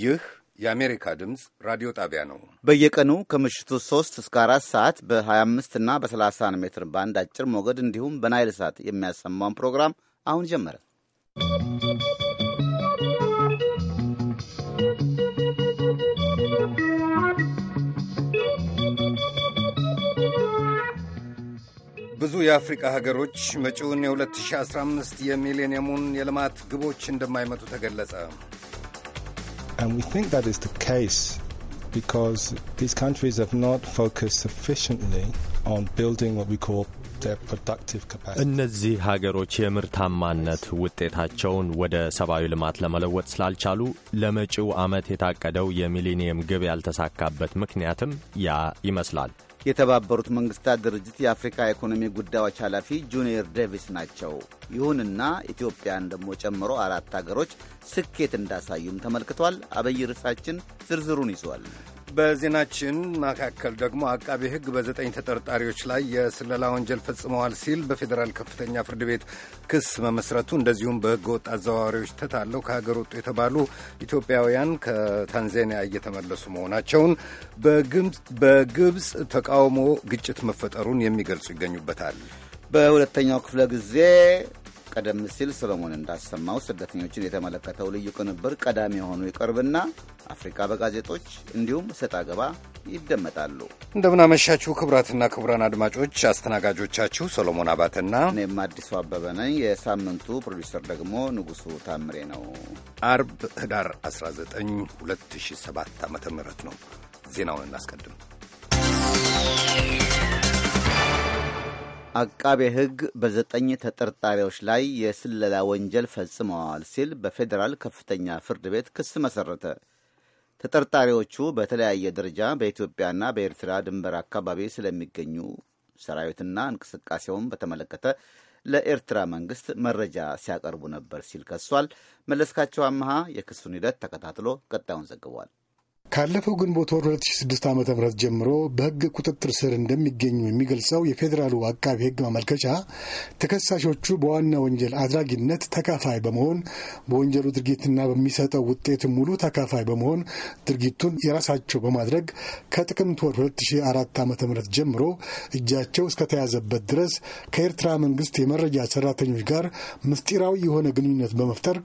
ይህ የአሜሪካ ድምፅ ራዲዮ ጣቢያ ነው። በየቀኑ ከምሽቱ 3 እስከ 4 ሰዓት በ25 እና በ30 ሜትር ባንድ አጭር ሞገድ እንዲሁም በናይል ሳት የሚያሰማውን ፕሮግራም አሁን ጀመረ። ብዙ የአፍሪካ ሀገሮች መጪውን የ2015 የሚሌኒየሙን የልማት ግቦች እንደማይመቱ ተገለጸ። And we think that is the case because these countries have not focused sufficiently on building what we call እነዚህ ሀገሮች የምርታማነት ውጤታቸውን ወደ ሰብአዊ ልማት ለመለወጥ ስላልቻሉ ለመጪው ዓመት የታቀደው የሚሊኒየም ግብ ያልተሳካበት ምክንያትም ያ ይመስላል። የተባበሩት መንግስታት ድርጅት የአፍሪካ ኢኮኖሚ ጉዳዮች ኃላፊ ጁኒየር ዴቪስ ናቸው። ይሁንና ኢትዮጵያን ደግሞ ጨምሮ አራት አገሮች ስኬት እንዳሳዩም ተመልክቷል። አብይ ርዕሳችን ዝርዝሩን ይዟል። በዜናችን መካከል ደግሞ አቃቤ ሕግ በዘጠኝ ተጠርጣሪዎች ላይ የስለላ ወንጀል ፈጽመዋል ሲል በፌዴራል ከፍተኛ ፍርድ ቤት ክስ መመስረቱ እንደዚሁም በሕገ ወጥ አዘዋዋሪዎች ተታለው ከሀገር ወጡ የተባሉ ኢትዮጵያውያን ከታንዛኒያ እየተመለሱ መሆናቸውን በግብፅ ተቃውሞ ግጭት መፈጠሩን የሚገልጹ ይገኙበታል። በሁለተኛው ክፍለ ጊዜ ቀደም ሲል ሰሎሞን እንዳሰማው ስደተኞችን የተመለከተው ልዩ ቅንብር ቀዳሚ የሆኑ ይቀርብና አፍሪካ በጋዜጦች እንዲሁም እሰጥ አገባ ይደመጣሉ። እንደምናመሻችሁ ክቡራትና ክቡራን አድማጮች አስተናጋጆቻችሁ ሰሎሞን አባትና እኔም አዲሱ አበበ ነኝ። የሳምንቱ ፕሮዲሰር ደግሞ ንጉሱ ታምሬ ነው። አርብ ህዳር 19 2007 ዓ ም ነው። ዜናውን እናስቀድም። አቃቤ ሕግ በዘጠኝ ተጠርጣሪዎች ላይ የስለላ ወንጀል ፈጽመዋል ሲል በፌዴራል ከፍተኛ ፍርድ ቤት ክስ መሰረተ። ተጠርጣሪዎቹ በተለያየ ደረጃ በኢትዮጵያና በኤርትራ ድንበር አካባቢ ስለሚገኙ ሰራዊትና እንቅስቃሴውን በተመለከተ ለኤርትራ መንግስት መረጃ ሲያቀርቡ ነበር ሲል ከሷል። መለስካቸው አመሃ የክሱን ሂደት ተከታትሎ ቀጣዩን ዘግቧል። ካለፈው ግንቦት ወር 2006 ዓ ም ጀምሮ በሕግ ቁጥጥር ስር እንደሚገኙ የሚገልጸው የፌዴራሉ አቃቢ ሕግ ማመልከቻ ተከሳሾቹ በዋና ወንጀል አድራጊነት ተካፋይ በመሆን በወንጀሉ ድርጊትና በሚሰጠው ውጤት ሙሉ ተካፋይ በመሆን ድርጊቱን የራሳቸው በማድረግ ከጥቅምት ወር 2004 ዓ ም ጀምሮ እጃቸው እስከተያዘበት ድረስ ከኤርትራ መንግስት የመረጃ ሰራተኞች ጋር ምስጢራዊ የሆነ ግንኙነት በመፍጠር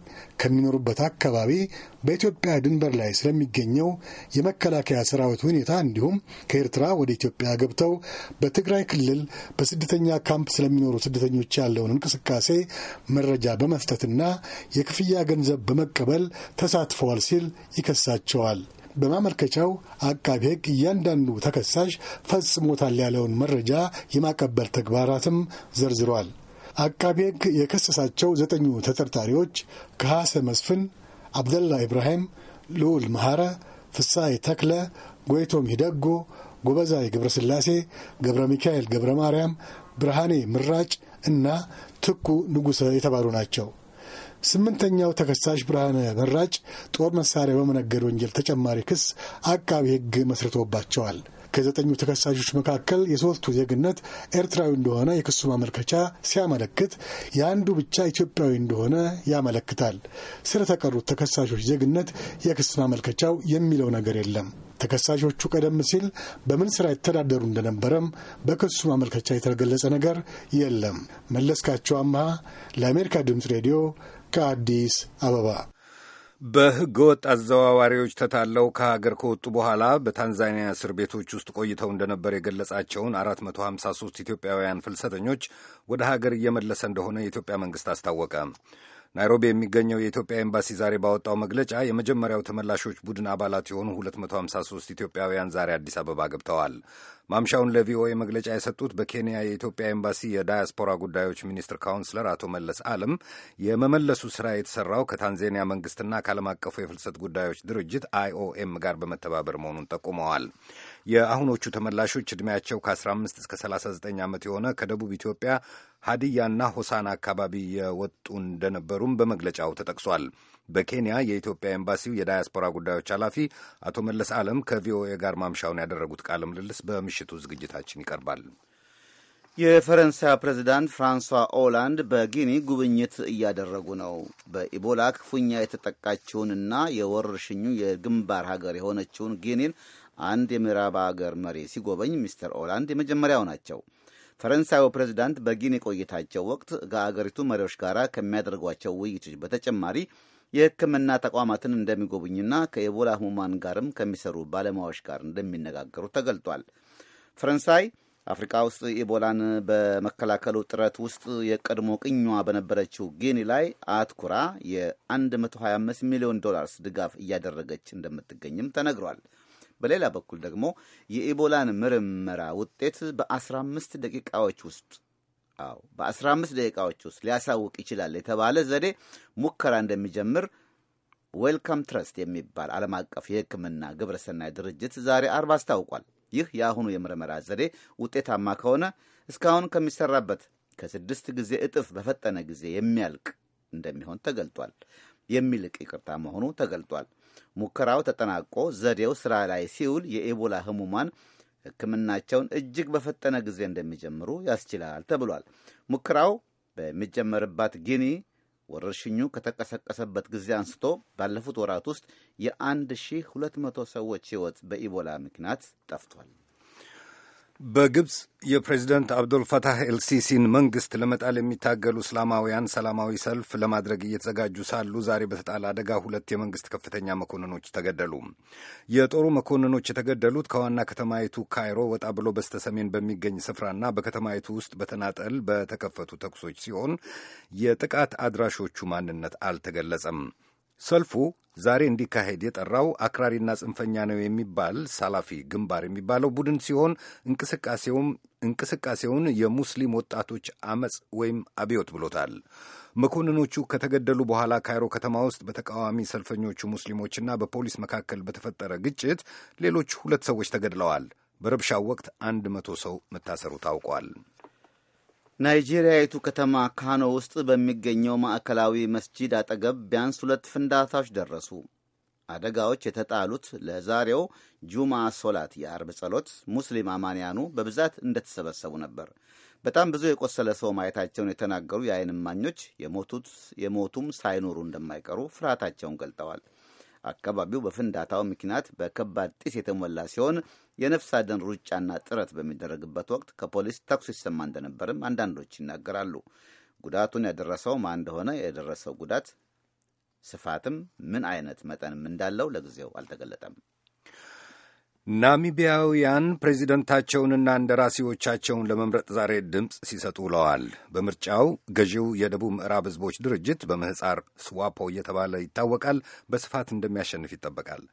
ከሚኖሩበት አካባቢ በኢትዮጵያ ድንበር ላይ ስለሚገኘው የመከላከያ ሰራዊት ሁኔታ እንዲሁም ከኤርትራ ወደ ኢትዮጵያ ገብተው በትግራይ ክልል በስደተኛ ካምፕ ስለሚኖሩ ስደተኞች ያለውን እንቅስቃሴ መረጃ በመስጠትና የክፍያ ገንዘብ በመቀበል ተሳትፈዋል ሲል ይከሳቸዋል። በማመልከቻው አቃቢ ሕግ እያንዳንዱ ተከሳሽ ፈጽሞታል ያለውን መረጃ የማቀበል ተግባራትም ዘርዝሯል። አቃቢ ሕግ የከሰሳቸው ዘጠኙ ተጠርጣሪዎች ከሐሰ መስፍን አብደላ ኢብራሂም፣ ልዑል መሐረ፣ ፍሳይ ተክለ፣ ጎይቶም ሂደጎ፣ ጎበዛይ ገብረ ስላሴ፣ ገብረ ሚካኤል ገብረ ማርያም፣ ብርሃኔ ምራጭ እና ትኩ ንጉሠ የተባሉ ናቸው። ስምንተኛው ተከሳሽ ብርሃነ ምራጭ ጦር መሳሪያ በመነገድ ወንጀል ተጨማሪ ክስ አቃቢ ሕግ መስርቶባቸዋል። ከዘጠኙ ተከሳሾች መካከል የሶስቱ ዜግነት ኤርትራዊ እንደሆነ የክሱ ማመልከቻ ሲያመለክት የአንዱ ብቻ ኢትዮጵያዊ እንደሆነ ያመለክታል። ስለተቀሩት ተከሳሾች ዜግነት የክስ ማመልከቻው የሚለው ነገር የለም። ተከሳሾቹ ቀደም ሲል በምን ስራ ይተዳደሩ እንደነበረም በክሱ ማመልከቻ የተገለጸ ነገር የለም። መለስካቸው አምሃ ለአሜሪካ ድምፅ ሬዲዮ ከአዲስ አበባ በሕገ ወጥ አዘዋዋሪዎች ተታለው ከሀገር ከወጡ በኋላ በታንዛኒያ እስር ቤቶች ውስጥ ቆይተው እንደነበር የገለጻቸውን 453 ኢትዮጵያውያን ፍልሰተኞች ወደ ሀገር እየመለሰ እንደሆነ የኢትዮጵያ መንግሥት አስታወቀ። ናይሮቢ የሚገኘው የኢትዮጵያ ኤምባሲ ዛሬ ባወጣው መግለጫ የመጀመሪያው ተመላሾች ቡድን አባላት የሆኑ 253 ኢትዮጵያውያን ዛሬ አዲስ አበባ ገብተዋል። ማምሻውን ለቪኦኤ መግለጫ የሰጡት በኬንያ የኢትዮጵያ ኤምባሲ የዳያስፖራ ጉዳዮች ሚኒስትር ካውንስለር አቶ መለስ አለም የመመለሱ ስራ የተሰራው ከታንዛኒያ መንግስትና ከዓለም አቀፉ የፍልሰት ጉዳዮች ድርጅት አይኦኤም ጋር በመተባበር መሆኑን ጠቁመዋል። የአሁኖቹ ተመላሾች ዕድሜያቸው ከ15 እስከ 39 ዓመት የሆነ ከደቡብ ኢትዮጵያ ሀዲያና ሆሳና አካባቢ የወጡ እንደነበሩም በመግለጫው ተጠቅሷል። በኬንያ የኢትዮጵያ ኤምባሲው የዳያስፖራ ጉዳዮች ኃላፊ አቶ መለስ አለም ከቪኦኤ ጋር ማምሻውን ያደረጉት ቃለ ምልልስ በምሽቱ ዝግጅታችን ይቀርባል። የፈረንሳይ ፕሬዚዳንት ፍራንሷ ኦላንድ በጊኒ ጉብኝት እያደረጉ ነው። በኢቦላ ክፉኛ የተጠቃችውንና የወረርሽኙ የግንባር ሀገር የሆነችውን ጊኒን አንድ የምዕራብ ሀገር መሪ ሲጎበኝ ሚስተር ኦላንድ የመጀመሪያው ናቸው። ፈረንሳዩ ፕሬዚዳንት በጊኒ ቆይታቸው ወቅት ከአገሪቱ መሪዎች ጋር ከሚያደርጓቸው ውይይቶች በተጨማሪ የሕክምና ተቋማትን እንደሚጎብኝና ከኢቦላ ህሙማን ጋርም ከሚሰሩ ባለሙያዎች ጋር እንደሚነጋገሩ ተገልጧል። ፈረንሳይ አፍሪካ ውስጥ ኢቦላን በመከላከሉ ጥረት ውስጥ የቀድሞ ቅኟ በነበረችው ጊኒ ላይ አትኩራ የ125 ሚሊዮን ዶላርስ ድጋፍ እያደረገች እንደምትገኝም ተነግሯል። በሌላ በኩል ደግሞ የኢቦላን ምርመራ ውጤት በ15 ደቂቃዎች ውስጥ አዎ በ15 ደቂቃዎች ውስጥ ሊያሳውቅ ይችላል የተባለ ዘዴ ሙከራ እንደሚጀምር ዌልካም ትረስት የሚባል ዓለም አቀፍ የሕክምና ግብረሰናይ ድርጅት ዛሬ አርብ አስታውቋል። ይህ የአሁኑ የምርመራ ዘዴ ውጤታማ ከሆነ እስካሁን ከሚሰራበት ከስድስት ጊዜ እጥፍ በፈጠነ ጊዜ የሚያልቅ እንደሚሆን ተገልጧል። የሚልቅ ይቅርታ መሆኑ ተገልጧል። ሙከራው ተጠናቆ ዘዴው ስራ ላይ ሲውል የኢቦላ ህሙማን ሕክምናቸውን እጅግ በፈጠነ ጊዜ እንደሚጀምሩ ያስችላል ተብሏል። ሙከራው በሚጀመርባት ጊኒ ወረርሽኙ ከተቀሰቀሰበት ጊዜ አንስቶ ባለፉት ወራት ውስጥ የ1200 ሰዎች ሕይወት በኢቦላ ምክንያት ጠፍቷል። በግብፅ የፕሬዚደንት አብዶልፈታህ ኤልሲሲን መንግስት ለመጣል የሚታገሉ እስላማውያን ሰላማዊ ሰልፍ ለማድረግ እየተዘጋጁ ሳሉ ዛሬ በተጣለ አደጋ ሁለት የመንግስት ከፍተኛ መኮንኖች ተገደሉ። የጦሩ መኮንኖች የተገደሉት ከዋና ከተማይቱ ካይሮ ወጣ ብሎ በስተሰሜን በሚገኝ ስፍራና በከተማይቱ ውስጥ በተናጠል በተከፈቱ ተኩሶች ሲሆን የጥቃት አድራሾቹ ማንነት አልተገለጸም። ሰልፉ ዛሬ እንዲካሄድ የጠራው አክራሪና ጽንፈኛ ነው የሚባል ሳላፊ ግንባር የሚባለው ቡድን ሲሆን እንቅስቃሴውን የሙስሊም ወጣቶች አመፅ ወይም አብዮት ብሎታል። መኮንኖቹ ከተገደሉ በኋላ ካይሮ ከተማ ውስጥ በተቃዋሚ ሰልፈኞቹ ሙስሊሞችና በፖሊስ መካከል በተፈጠረ ግጭት ሌሎች ሁለት ሰዎች ተገድለዋል። በረብሻው ወቅት አንድ መቶ ሰው መታሰሩ ታውቋል። ናይጄሪያዊቱ ከተማ ካኖ ውስጥ በሚገኘው ማዕከላዊ መስጂድ አጠገብ ቢያንስ ሁለት ፍንዳታዎች ደረሱ። አደጋዎች የተጣሉት ለዛሬው ጁማ ሶላት የአርብ ጸሎት ሙስሊም አማንያኑ በብዛት እንደተሰበሰቡ ነበር። በጣም ብዙ የቆሰለ ሰው ማየታቸውን የተናገሩ የዓይን እማኞች የሞቱም ሳይኖሩ እንደማይቀሩ ፍርሃታቸውን ገልጠዋል። አካባቢው በፍንዳታው ምክንያት በከባድ ጢስ የተሞላ ሲሆን የነፍስ አድን ሩጫና ጥረት በሚደረግበት ወቅት ከፖሊስ ተኩስ ይሰማ እንደነበርም አንዳንዶች ይናገራሉ። ጉዳቱን ያደረሰው ማን እንደሆነ፣ የደረሰው ጉዳት ስፋትም ምን አይነት መጠንም እንዳለው ለጊዜው አልተገለጠም። ናሚቢያውያን ፕሬዚደንታቸውንና እንደራሴዎቻቸውን ለመምረጥ ዛሬ ድምፅ ሲሰጡ ውለዋል። በምርጫው ገዢው የደቡብ ምዕራብ ህዝቦች ድርጅት በምህፃር ስዋፖ እየተባለ ይታወቃል፣ በስፋት እንደሚያሸንፍ ይጠበቃል።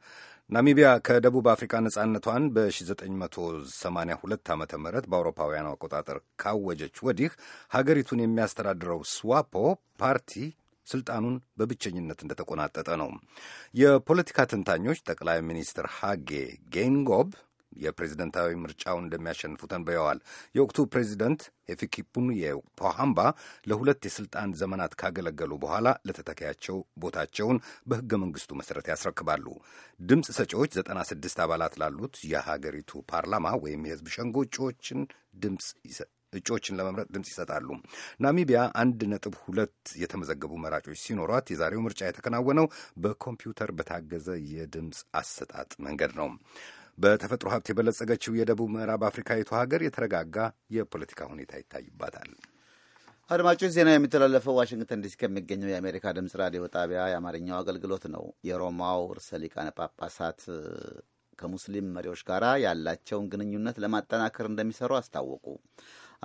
ናሚቢያ ከደቡብ አፍሪካ ነጻነቷን በ1982 ዓ ም በአውሮፓውያኑ አቆጣጠር ካወጀች ወዲህ ሀገሪቱን የሚያስተዳድረው ስዋፖ ፓርቲ ስልጣኑን በብቸኝነት እንደተቆናጠጠ ነው። የፖለቲካ ተንታኞች ጠቅላይ ሚኒስትር ሃጌ ጌንጎብ የፕሬዝደንታዊ ምርጫውን እንደሚያሸንፉ ተንበየዋል። የወቅቱ ፕሬዚደንት ሄፊኪፑን የፖሃምባ ለሁለት የስልጣን ዘመናት ካገለገሉ በኋላ ለተተኪያቸው ቦታቸውን በሕገ መንግስቱ መሠረት ያስረክባሉ። ድምፅ ሰጪዎች 96 አባላት ላሉት የሀገሪቱ ፓርላማ ወይም የሕዝብ ሸንጎ እጩዎችን ድምፅ እጩዎችን ለመምረጥ ድምፅ ይሰጣሉ። ናሚቢያ አንድ ነጥብ ሁለት የተመዘገቡ መራጮች ሲኖሯት የዛሬው ምርጫ የተከናወነው በኮምፒውተር በታገዘ የድምፅ አሰጣጥ መንገድ ነው። በተፈጥሮ ሀብት የበለጸገችው የደቡብ ምዕራብ አፍሪካዊቱ ሀገር የተረጋጋ የፖለቲካ ሁኔታ ይታይባታል። አድማጮች ዜና የሚተላለፈው ዋሽንግተን ዲሲ ከሚገኘው የአሜሪካ ድምፅ ራዲዮ ጣቢያ የአማርኛው አገልግሎት ነው። የሮማው ርዕሰ ሊቃነ ጳጳሳት ከሙስሊም መሪዎች ጋር ያላቸውን ግንኙነት ለማጠናከር እንደሚሰሩ አስታወቁ።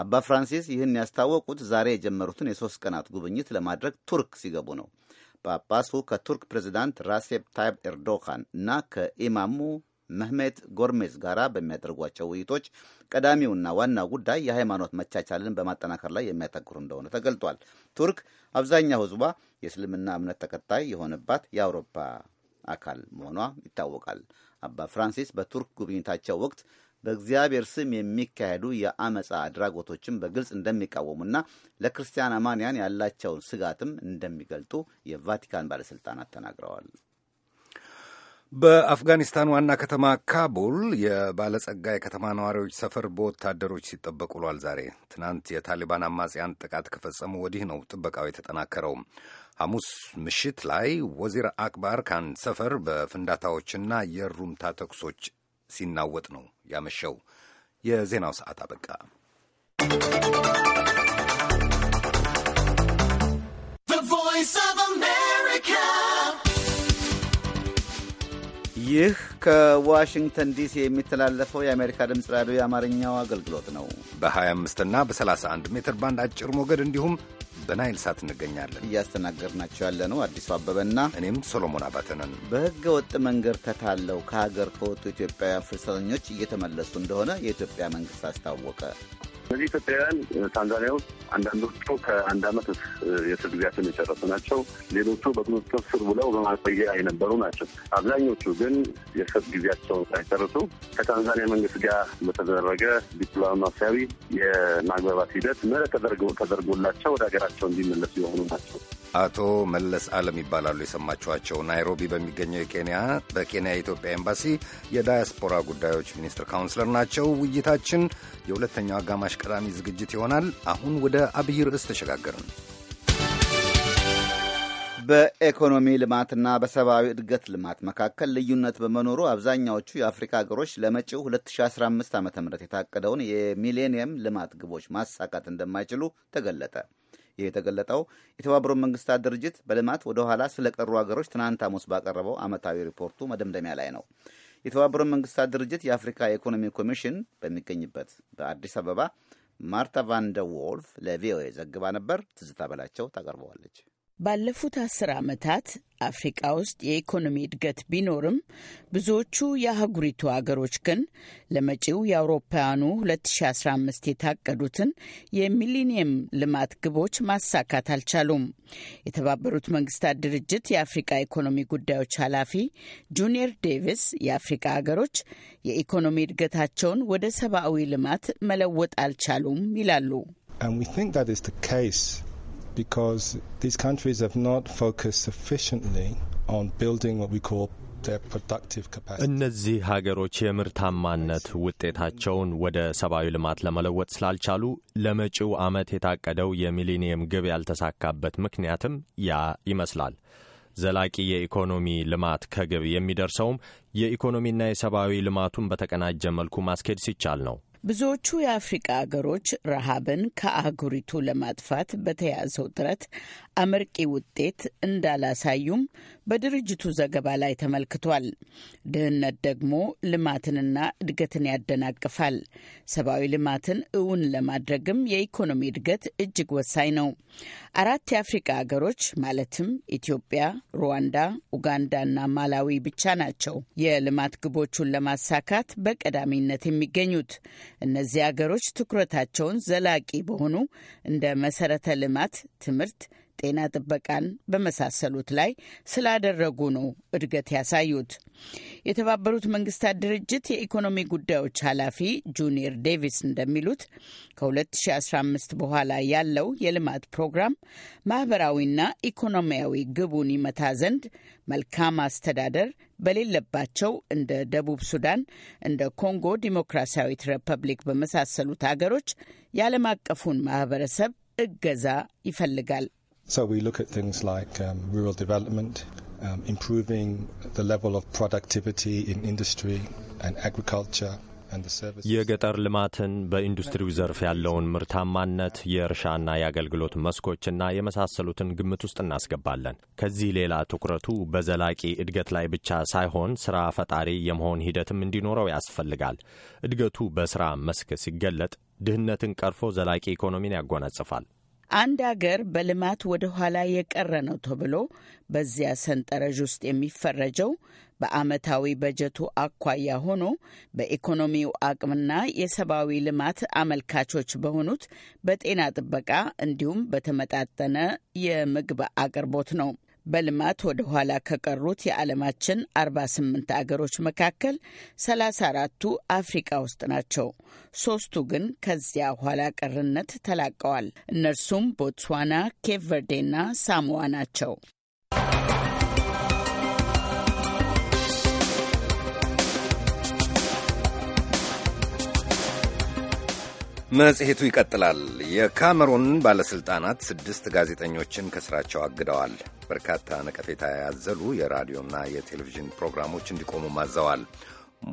አባ ፍራንሲስ ይህን ያስታወቁት ዛሬ የጀመሩትን የሶስት ቀናት ጉብኝት ለማድረግ ቱርክ ሲገቡ ነው። ጳጳሱ ከቱርክ ፕሬዚዳንት ራሴፕ ታይብ ኤርዶካን እና ከኢማሙ መህሜት ጎርሜዝ ጋራ በሚያደርጓቸው ውይይቶች ቀዳሚውና ዋናው ጉዳይ የሃይማኖት መቻቻልን በማጠናከር ላይ የሚያተኩሩ እንደሆነ ተገልጧል። ቱርክ አብዛኛው ሕዝቧ የእስልምና እምነት ተከታይ የሆነባት የአውሮፓ አካል መሆኗ ይታወቃል። አባ ፍራንሲስ በቱርክ ጉብኝታቸው ወቅት በእግዚአብሔር ስም የሚካሄዱ የአመፃ አድራጎቶችን በግልጽ እንደሚቃወሙና ለክርስቲያን አማንያን ያላቸውን ስጋትም እንደሚገልጡ የቫቲካን ባለሥልጣናት ተናግረዋል። በአፍጋኒስታን ዋና ከተማ ካቡል የባለጸጋ የከተማ ነዋሪዎች ሰፈር በወታደሮች ሲጠበቁ ውሏል። ዛሬ ትናንት የታሊባን አማጽያን ጥቃት ከፈጸሙ ወዲህ ነው ጥበቃው የተጠናከረው። ሐሙስ ምሽት ላይ ወዚር አክባር ካን ሰፈር በፍንዳታዎችና የሩምታ ተኩሶች ሲናወጥ ነው ያመሸው። የዜናው ሰዓት አበቃ። ይህ ከዋሽንግተን ዲሲ የሚተላለፈው የአሜሪካ ድምፅ ራዲዮ የአማርኛው አገልግሎት ነው። በ25 እና በ31 ሜትር ባንድ አጭር ሞገድ እንዲሁም በናይል ሳት እንገኛለን። እያስተናገድናቸው ያለነው አዲሱ አበበና እኔም ሶሎሞን አባተነን። በህገ ወጥ መንገድ ተታለው ከሀገር ከወጡ ኢትዮጵያውያን ፍልሰተኞች እየተመለሱ እንደሆነ የኢትዮጵያ መንግስት አስታወቀ። እነዚህ ኢትዮጵያውያን ታንዛኒያ ውስጥ አንዳንዶቹ ከአንድ አመት የእስር ጊዜያቸውን የጨረሱ ናቸው። ሌሎቹ በቁጥጥር ስር ውለው በማቆያ የነበሩ ናቸው። አብዛኞቹ ግን የእስር ጊዜያቸውን ሳይጨርሱ ከታንዛኒያ መንግስት ጋር በተደረገ ዲፕሎማሲያዊ የማግባባት ሂደት ምህረት ተደርጎላቸው ወደ ሀገራቸው እንዲመለሱ የሆኑ ናቸው። አቶ መለስ አለም ይባላሉ። የሰማችኋቸው ናይሮቢ በሚገኘው የኬንያ በኬንያ የኢትዮጵያ ኤምባሲ የዳያስፖራ ጉዳዮች ሚኒስትር ካውንስለር ናቸው። ውይይታችን የሁለተኛው አጋማሽ ቀዳሚ ዝግጅት ይሆናል። አሁን ወደ አብይ ርዕስ ተሸጋገርን። በኢኮኖሚ ልማትና በሰብአዊ እድገት ልማት መካከል ልዩነት በመኖሩ አብዛኛዎቹ የአፍሪካ ሀገሮች ለመጪው 2015 ዓ ም የታቀደውን የሚሌኒየም ልማት ግቦች ማሳካት እንደማይችሉ ተገለጠ። ይህ የተገለጠው የተባበሩት መንግስታት ድርጅት በልማት ወደ ኋላ ስለቀሩ ሀገሮች ትናንት ሐሙስ ባቀረበው ዓመታዊ ሪፖርቱ መደምደሚያ ላይ ነው። የተባበሩት መንግስታት ድርጅት የአፍሪካ የኢኮኖሚ ኮሚሽን በሚገኝበት በአዲስ አበባ ማርታ ቫንደር ዎልፍ ለቪኦኤ ዘግባ ነበር። ትዝታ በላቸው ታቀርበዋለች። ባለፉት አስር ዓመታት አፍሪቃ ውስጥ የኢኮኖሚ እድገት ቢኖርም ብዙዎቹ የአህጉሪቱ አገሮች ግን ለመጪው የአውሮፓውያኑ 2015 የታቀዱትን የሚሊኒየም ልማት ግቦች ማሳካት አልቻሉም። የተባበሩት መንግስታት ድርጅት የአፍሪቃ ኢኮኖሚ ጉዳዮች ኃላፊ ጁኒየር ዴቪስ የአፍሪቃ አገሮች የኢኮኖሚ እድገታቸውን ወደ ሰብአዊ ልማት መለወጥ አልቻሉም ይላሉ። And we think that is the case because these countries have not focused sufficiently on building what we call እነዚህ ሀገሮች የምርታማነት ውጤታቸውን ወደ ሰብአዊ ልማት ለመለወጥ ስላልቻሉ ለመጪው ዓመት የታቀደው የሚሊኒየም ግብ ያልተሳካበት ምክንያትም ያ ይመስላል። ዘላቂ የኢኮኖሚ ልማት ከግብ የሚደርሰውም የኢኮኖሚና የሰብአዊ ልማቱን በተቀናጀ መልኩ ማስኬድ ሲቻል ነው። ብዙዎቹ የአፍሪቃ አገሮች ረሃብን ከአህጉሪቱ ለማጥፋት በተያዘው ጥረት አመርቂ ውጤት እንዳላሳዩም በድርጅቱ ዘገባ ላይ ተመልክቷል። ድህነት ደግሞ ልማትንና እድገትን ያደናቅፋል። ሰብአዊ ልማትን እውን ለማድረግም የኢኮኖሚ እድገት እጅግ ወሳኝ ነው። አራት የአፍሪቃ ሀገሮች ማለትም ኢትዮጵያ፣ ሩዋንዳ፣ ኡጋንዳና ማላዊ ብቻ ናቸው የልማት ግቦቹን ለማሳካት በቀዳሚነት የሚገኙት። እነዚህ ሀገሮች ትኩረታቸውን ዘላቂ በሆኑ እንደ መሰረተ ልማት፣ ትምህርት ጤና ጥበቃን በመሳሰሉት ላይ ስላደረጉ ነው እድገት ያሳዩት። የተባበሩት መንግስታት ድርጅት የኢኮኖሚ ጉዳዮች ኃላፊ ጁኒየር ዴቪስ እንደሚሉት ከ2015 በኋላ ያለው የልማት ፕሮግራም ማህበራዊና ኢኮኖሚያዊ ግቡን ይመታ ዘንድ መልካም አስተዳደር በሌለባቸው እንደ ደቡብ ሱዳን፣ እንደ ኮንጎ ዲሞክራሲያዊት ሪፐብሊክ በመሳሰሉት አገሮች የዓለም አቀፉን ማህበረሰብ እገዛ ይፈልጋል። So we look at things like um, rural development, um, improving the level of productivity in industry and agriculture. የገጠር ልማትን በኢንዱስትሪው ዘርፍ ያለውን ምርታማነት የእርሻና የአገልግሎት መስኮችና የመሳሰሉትን ግምት ውስጥ እናስገባለን። ከዚህ ሌላ ትኩረቱ በዘላቂ እድገት ላይ ብቻ ሳይሆን ስራ ፈጣሪ የመሆን ሂደትም እንዲኖረው ያስፈልጋል። እድገቱ በስራ መስክ ሲገለጥ ድህነትን ቀርፎ ዘላቂ ኢኮኖሚን ያጎናጽፋል። አንድ አገር በልማት ወደ ኋላ የቀረ ነው ተብሎ በዚያ ሰንጠረዥ ውስጥ የሚፈረጀው በአመታዊ በጀቱ አኳያ ሆኖ በኢኮኖሚው አቅምና የሰብአዊ ልማት አመልካቾች በሆኑት በጤና ጥበቃ እንዲሁም በተመጣጠነ የምግብ አቅርቦት ነው። በልማት ወደ ኋላ ከቀሩት የዓለማችን 48 አገሮች መካከል 34ቱ አፍሪካ ውስጥ ናቸው። ሶስቱ ግን ከዚያ ኋላ ቀርነት ተላቀዋል። እነርሱም ቦትስዋና፣ ኬፕ ቨርዴና ሳሞዋ ናቸው። መጽሔቱ ይቀጥላል። የካሜሩን ባለሥልጣናት ስድስት ጋዜጠኞችን ከሥራቸው አግደዋል። በርካታ ነቀፌታ ያዘሉ የራዲዮና የቴሌቪዥን ፕሮግራሞች እንዲቆሙ ማዘዋል።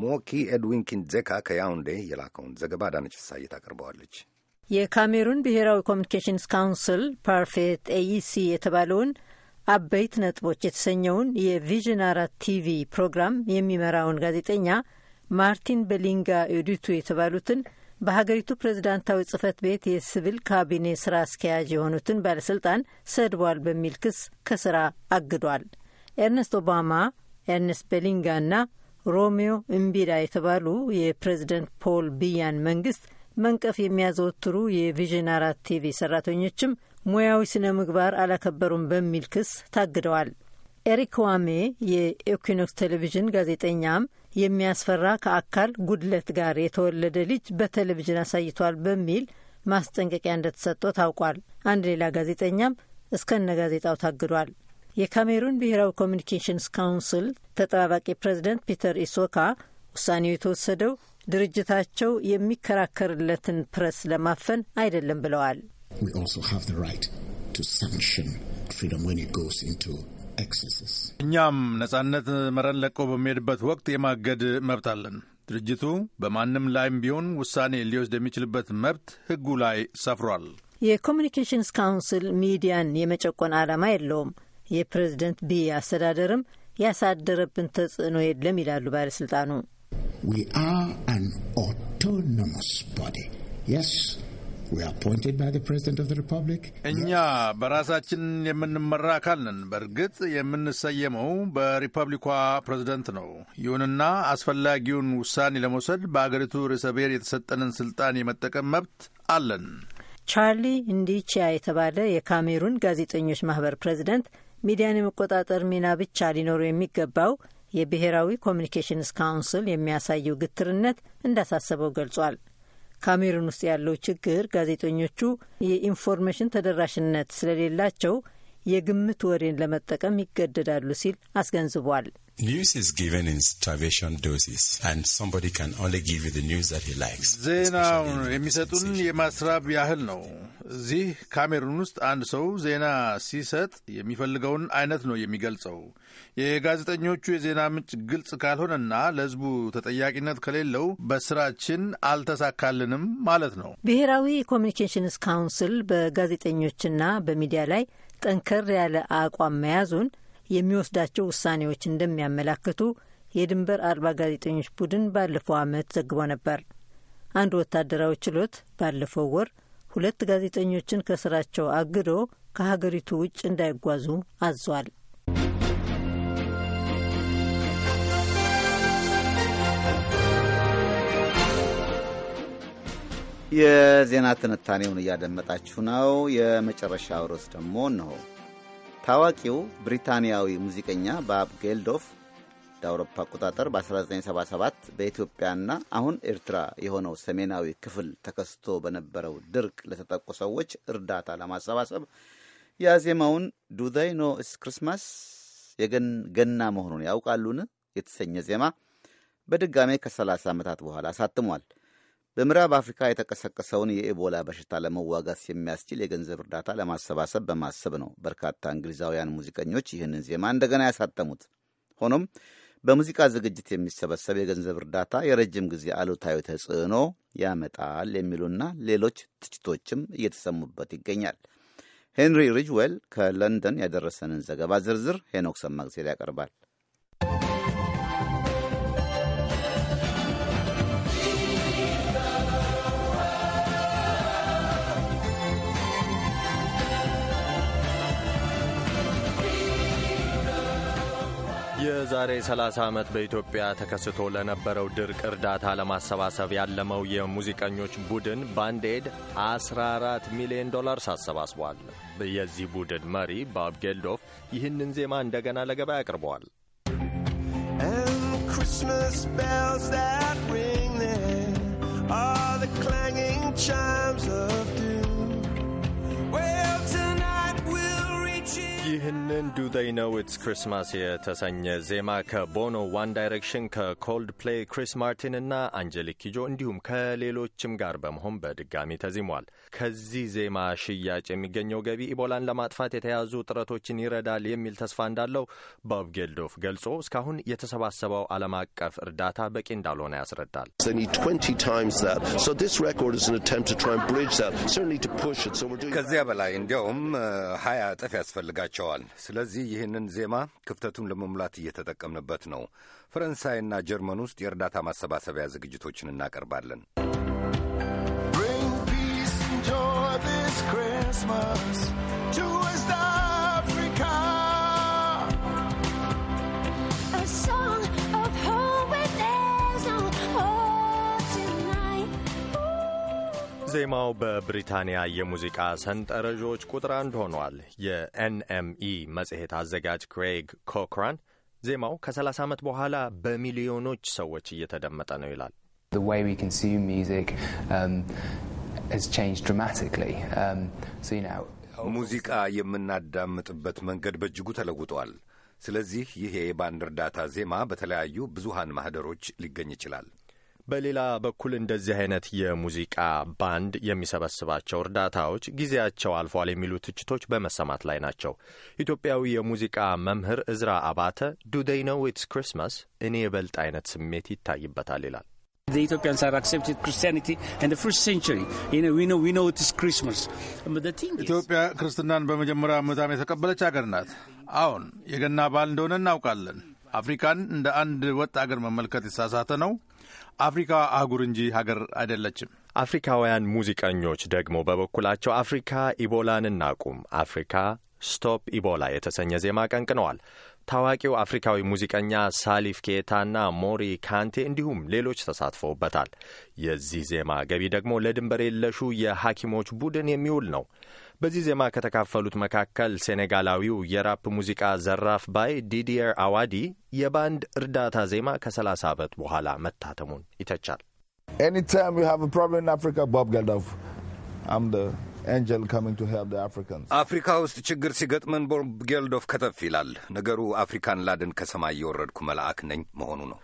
ሞኪ ኤድዊን ኪንዜካ ከያውንዴ የላከውን ዘገባ ዳነች ፍሳዬ ታቀርበዋለች። የካሜሩን ብሔራዊ ኮሚኒኬሽንስ ካውንስል ፓርፌት ኤኢሲ የተባለውን አበይት ነጥቦች የተሰኘውን የቪዥን አራት ቲቪ ፕሮግራም የሚመራውን ጋዜጠኛ ማርቲን በሊንጋ ኤዲቱ የተባሉትን በሀገሪቱ ፕሬዝዳንታዊ ጽህፈት ቤት የሲቪል ካቢኔ ስራ አስኪያጅ የሆኑትን ባለስልጣን ሰድቧል በሚል ክስ ከስራ አግዷል። ኤርነስት ኦባማ፣ ኤርነስት ቤሊንጋ እና ሮሜዮ እምቢዳ የተባሉ የፕሬዝደንት ፖል ቢያን መንግስት መንቀፍ የሚያዘወትሩ የቪዥን አራት ቲቪ ሰራተኞችም ሙያዊ ስነ ምግባር አላከበሩም በሚል ክስ ታግደዋል። ኤሪክ ዋሜ የኢኩኖክስ ቴሌቪዥን ጋዜጠኛም የሚያስፈራ ከአካል ጉድለት ጋር የተወለደ ልጅ በቴሌቪዥን አሳይቷል በሚል ማስጠንቀቂያ እንደተሰጠው ታውቋል። አንድ ሌላ ጋዜጠኛም እስከነ ጋዜጣው ታግዷል። የካሜሩን ብሔራዊ ኮሚኒኬሽንስ ካውንስል ተጠባባቂ ፕሬዚደንት ፒተር ኢሶካ ውሳኔው የተወሰደው ድርጅታቸው የሚከራከርለትን ፕረስ ለማፈን አይደለም ብለዋል። ኤክሰስስ እኛም ነጻነት መረን ለቆ በሚሄድበት ወቅት የማገድ መብት አለን። ድርጅቱ በማንም ላይም ቢሆን ውሳኔ ሊወስድ የሚችልበት መብት ሕጉ ላይ ሰፍሯል። የኮሚኒኬሽንስ ካውንስል ሚዲያን የመጨቆን ዓላማ የለውም። የፕሬዝደንት ቢ አስተዳደርም ያሳደረብን ተጽዕኖ የለም ይላሉ ባለሥልጣኑ። ኦቶኖመስ ቦዲ የስ እኛ በራሳችን የምንመራ አካል ነን። በእርግጥ የምንሰየመው በሪፐብሊኳ ፕሬዝደንት ነው። ይሁንና አስፈላጊውን ውሳኔ ለመውሰድ በአገሪቱ ርዕሰ ብሔር የተሰጠንን ስልጣን የመጠቀም መብት አለን። ቻርሊ እንዲቺያ የተባለ የካሜሩን ጋዜጠኞች ማህበር ፕሬዝደንት ሚዲያን የመቆጣጠር ሚና ብቻ ሊኖሩ የሚገባው የብሔራዊ ኮሚኒኬሽንስ ካውንስል የሚያሳየው ግትርነት እንዳሳሰበው ገልጿል። ካሜሩን ውስጥ ያለው ችግር ጋዜጠኞቹ የኢንፎርሜሽን ተደራሽነት ስለሌላቸው የግምት ወሬን ለመጠቀም ይገደዳሉ ሲል አስገንዝቧል። ዜናውን የሚሰጡን የማስራብ ያህል ነው። እዚህ ካሜሩን ውስጥ አንድ ሰው ዜና ሲሰጥ የሚፈልገውን አይነት ነው የሚገልጸው። የጋዜጠኞቹ የዜና ምንጭ ግልጽ ካልሆነና ለሕዝቡ ተጠያቂነት ከሌለው በስራችን አልተሳካልንም ማለት ነው። ብሔራዊ ኮሚኒኬሽንስ ካውንስል በጋዜጠኞችና በሚዲያ ላይ ጠንከር ያለ አቋም መያዙን የሚወስዳቸው ውሳኔዎች እንደሚያመላክቱ የድንበር አልባ ጋዜጠኞች ቡድን ባለፈው ዓመት ዘግቦ ነበር። አንድ ወታደራዊ ችሎት ባለፈው ወር ሁለት ጋዜጠኞችን ከስራቸው አግዶ ከሀገሪቱ ውጭ እንዳይጓዙ አዟል። የዜና ትንታኔውን እያደመጣችሁ ነው። የመጨረሻው ርዕስ ደግሞ ነው። ታዋቂው ብሪታንያዊ ሙዚቀኛ ባብ ጌልዶፍ እንደ አውሮፓ አቆጣጠር በ1977 በኢትዮጵያና አሁን ኤርትራ የሆነው ሰሜናዊ ክፍል ተከስቶ በነበረው ድርቅ ለተጠቁ ሰዎች እርዳታ ለማሰባሰብ ያዜማውን ዱ ዘይ ኖ ኢትስ ክርስማስ የገና መሆኑን ያውቃሉን የተሰኘ ዜማ በድጋሜ ከ30 ዓመታት በኋላ አሳትሟል። በምዕራብ አፍሪካ የተቀሰቀሰውን የኢቦላ በሽታ ለመዋጋት የሚያስችል የገንዘብ እርዳታ ለማሰባሰብ በማሰብ ነው በርካታ እንግሊዛውያን ሙዚቀኞች ይህንን ዜማ እንደገና ያሳተሙት። ሆኖም በሙዚቃ ዝግጅት የሚሰበሰብ የገንዘብ እርዳታ የረጅም ጊዜ አሉታዊ ተጽዕኖ ያመጣል የሚሉና ሌሎች ትችቶችም እየተሰሙበት ይገኛል። ሄንሪ ሪጅዌል ከለንደን ያደረሰንን ዘገባ ዝርዝር ሄኖክ ሰማግዜር ያቀርባል። የዛሬ 30 ዓመት በኢትዮጵያ ተከስቶ ለነበረው ድርቅ እርዳታ ለማሰባሰብ ያለመው የሙዚቀኞች ቡድን ባንዴድ 14 ሚሊዮን ዶላርስ አሰባስቧል። የዚህ ቡድን መሪ ባብ ጌልዶፍ ይህንን ዜማ እንደገና ለገበያ አቅርበዋል። ይህንን ዱ ዘይ ነው ኢትስ ክሪስማስ የተሰኘ ዜማ ከቦኖ፣ ዋን ዳይሬክሽን፣ ከኮልድ ፕሌይ፣ ክሪስ ማርቲን እና አንጀሊክ ኪጆ እንዲሁም ከሌሎችም ጋር በመሆን በድጋሚ ተዚሟል። ከዚህ ዜማ ሽያጭ የሚገኘው ገቢ ኢቦላን ለማጥፋት የተያዙ ጥረቶችን ይረዳል የሚል ተስፋ እንዳለው ቦብ ጌልዶፍ ገልጾ እስካሁን የተሰባሰበው ዓለም አቀፍ እርዳታ በቂ እንዳልሆነ ያስረዳል። ከዚያ በላይ እንዲያውም ሀያ እጥፍ ያስፈልጋቸዋል። ስለዚህ ይህንን ዜማ ክፍተቱን ለመሙላት እየተጠቀምንበት ነው። ፈረንሳይና ጀርመን ውስጥ የእርዳታ ማሰባሰቢያ ዝግጅቶችን እናቀርባለን። this Christmas to West Africa. A song of hope when there's no hope tonight. ዜማው በብሪታንያ የሙዚቃ ሰንጠረዦች ቁጥር አንድ ሆኗል። የኤንኤምኢ መጽሔት አዘጋጅ ክሬግ ኮክራን ዜማው ከ30 ዓመት በኋላ በሚሊዮኖች ሰዎች እየተደመጠ ነው ይላል። The way we consume music, um, Um, ሙዚቃ የምናዳምጥበት መንገድ በእጅጉ ተለውጧል። ስለዚህ ይሄ የባንድ እርዳታ ዜማ በተለያዩ ብዙሃን ማህደሮች ሊገኝ ይችላል። በሌላ በኩል እንደዚህ አይነት የሙዚቃ ባንድ የሚሰበስባቸው እርዳታዎች ጊዜያቸው አልፏል የሚሉ ትችቶች በመሰማት ላይ ናቸው። ኢትዮጵያዊ የሙዚቃ መምህር እዝራ አባተ ዱ ዴይ ኖው ኢትስ ክሪስማስ እኔ የበልጥ አይነት ስሜት ይታይበታል ይላል። ኢትዮጵያ ክርስትናን በመጀመሪያ ምዕተ የተቀበለች አገር ናት። አሁን የገና በዓል እንደሆነ እናውቃለን። አፍሪካን እንደ አንድ ወጥ አገር መመልከት የተሳሳተ ነው። አፍሪካ አህጉር እንጂ ሀገር አይደለችም። አፍሪካውያን ሙዚቀኞች ደግሞ በበኩላቸው አፍሪካ ኢቦላን እናቁም፣ አፍሪካ ስቶፕ ኢቦላ የተሰኘ ዜማ ቀንቅነዋል። ታዋቂው አፍሪካዊ ሙዚቀኛ ሳሊፍ ኬታና ሞሪ ካንቴ እንዲሁም ሌሎች ተሳትፈውበታል። የዚህ ዜማ ገቢ ደግሞ ለድንበር የለሹ የሐኪሞች ቡድን የሚውል ነው። በዚህ ዜማ ከተካፈሉት መካከል ሴኔጋላዊው የራፕ ሙዚቃ ዘራፍ ባይ ዲዲየር አዋዲ የባንድ እርዳታ ዜማ ከ30 ዓመት በኋላ መታተሙን ይተቻል። አፍሪካ ውስጥ ችግር ሲገጥመን ቦብ ጌልዶፍ ከተፍ ይላል። ነገሩ አፍሪካን ላድን ከሰማይ የወረድኩ መልአክ ነኝ መሆኑ ነው።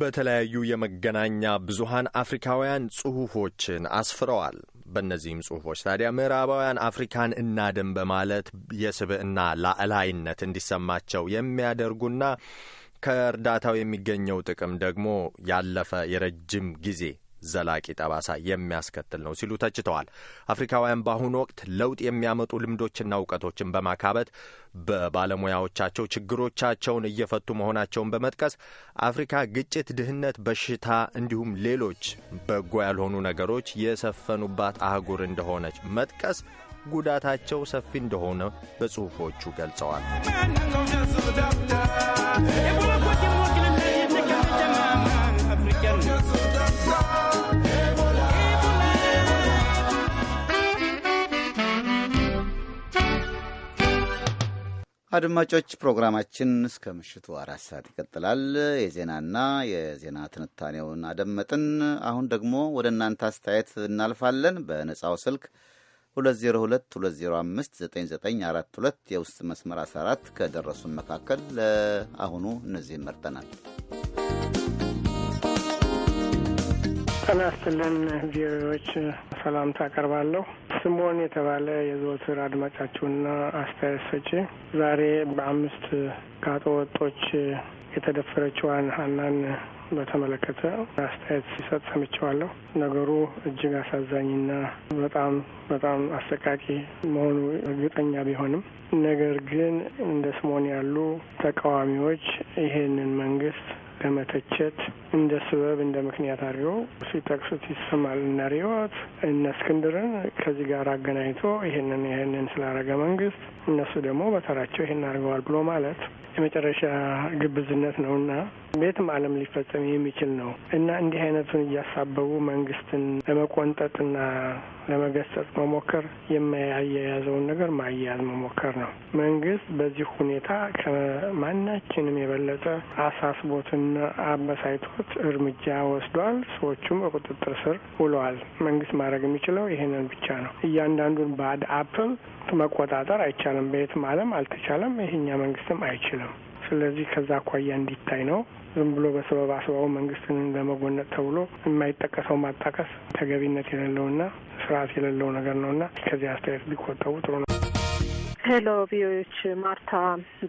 በተለያዩ የመገናኛ ብዙሃን አፍሪካውያን ጽሑፎችን አስፍረዋል። በእነዚህም ጽሑፎች ታዲያ ምዕራባውያን አፍሪካን እናድን በማለት የስብዕና ላዕላይነት እንዲሰማቸው የሚያደርጉና ከእርዳታው የሚገኘው ጥቅም ደግሞ ያለፈ የረጅም ጊዜ ዘላቂ ጠባሳ የሚያስከትል ነው ሲሉ ተችተዋል። አፍሪካውያን በአሁኑ ወቅት ለውጥ የሚያመጡ ልምዶችና እውቀቶችን በማካበት በባለሙያዎቻቸው ችግሮቻቸውን እየፈቱ መሆናቸውን በመጥቀስ አፍሪካ ግጭት፣ ድህነት፣ በሽታ እንዲሁም ሌሎች በጎ ያልሆኑ ነገሮች የሰፈኑባት አህጉር እንደሆነች መጥቀስ ጉዳታቸው ሰፊ እንደሆነ በጽሑፎቹ ገልጸዋል። አድማጮች ፕሮግራማችን እስከ ምሽቱ አራት ሰዓት ይቀጥላል። የዜናና የዜና ትንታኔውን አደመጥን። አሁን ደግሞ ወደ እናንተ አስተያየት እናልፋለን። በነጻው ስልክ 2022059942 የውስጥ መስመር 14 ከደረሱን መካከል ለአሁኑ እነዚህም መርጠናል። ጤና ይስጥልን ሰላምታ አቀርባለሁ። ስሞን የተባለ የዘወትር አድማጫችሁና አስተያየት ሰጪ ዛሬ በአምስት ጋጠ ወጦች የተደፈረችዋን ሀናን በተመለከተ አስተያየት ሲሰጥ ሰምቸዋለሁ። ነገሩ እጅግ አሳዛኝና በጣም በጣም አሰቃቂ መሆኑ እርግጠኛ ቢሆንም ነገር ግን እንደ ስሞን ያሉ ተቃዋሚዎች ይሄንን መንግስት በመተቸት እንደ ስበብ እንደ ምክንያት አድርገው ሲጠቅሱት ይሰማል። እነ ሪዮት እነ እስክንድርን ከዚህ ጋር አገናኝቶ ይህንን ይህንን ስላረገ መንግስት፣ እነሱ ደግሞ በተራቸው ይህን አድርገዋል ብሎ ማለት የመጨረሻ ግብዝነት ነው እና ቤትም ዓለም ሊፈጸም የሚችል ነው እና እንዲህ አይነቱን እያሳበቡ መንግስትን ለመቆንጠጥና ለመገሰጽ መሞከር የማያያዘውን ነገር ማያያዝ መሞከር ነው። መንግስት በዚህ ሁኔታ ከማናችንም የበለጠ አሳስቦትን አበሳይቶት እርምጃ ወስዷል። ሰዎቹም በቁጥጥር ስር ውለዋል። መንግስት ማድረግ የሚችለው ይህንን ብቻ ነው። እያንዳንዱን ባድ አፕም መቆጣጠር አይቻልም። በየትም ዓለም አልተቻለም። ይህኛ መንግስትም አይችልም። ስለዚህ ከዛ አኳያ እንዲታይ ነው። ዝም ብሎ በሰበብ አስባቡ መንግስትን ለመጎነጥ ተብሎ የማይጠቀሰው ማጣቀስ ተገቢነት የሌለውና ስርዓት የሌለው ነገር ነውና ከዚህ አስተያየት ቢቆጠቡ ጥሩ ነው። ሄሎ ቪዎች ማርታ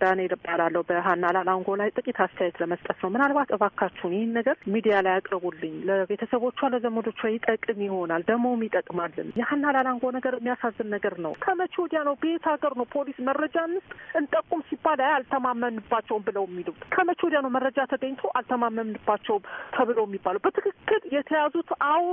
ዳንኤል እባላለሁ። በሀና ላላንጎ ላይ ጥቂት አስተያየት ለመስጠት ነው። ምናልባት እባካችሁን ይህን ነገር ሚዲያ ላይ አቅርቡልኝ። ለቤተሰቦቿ ለዘመዶቿ ይጠቅም ይሆናል፣ ደግሞም ይጠቅማልን። የሀና ላላንጎ ነገር የሚያሳዝን ነገር ነው። ከመቼ ወዲያ ነው ቤት ሀገር ነው ፖሊስ መረጃ እንስጥ እንጠቁም ሲባል አይ አልተማመንባቸውም ብለው የሚሉት? ከመቼ ወዲያ ነው መረጃ ተገኝቶ አልተማመንባቸውም ተብለው የሚባሉ? በትክክል የተያዙት አዎ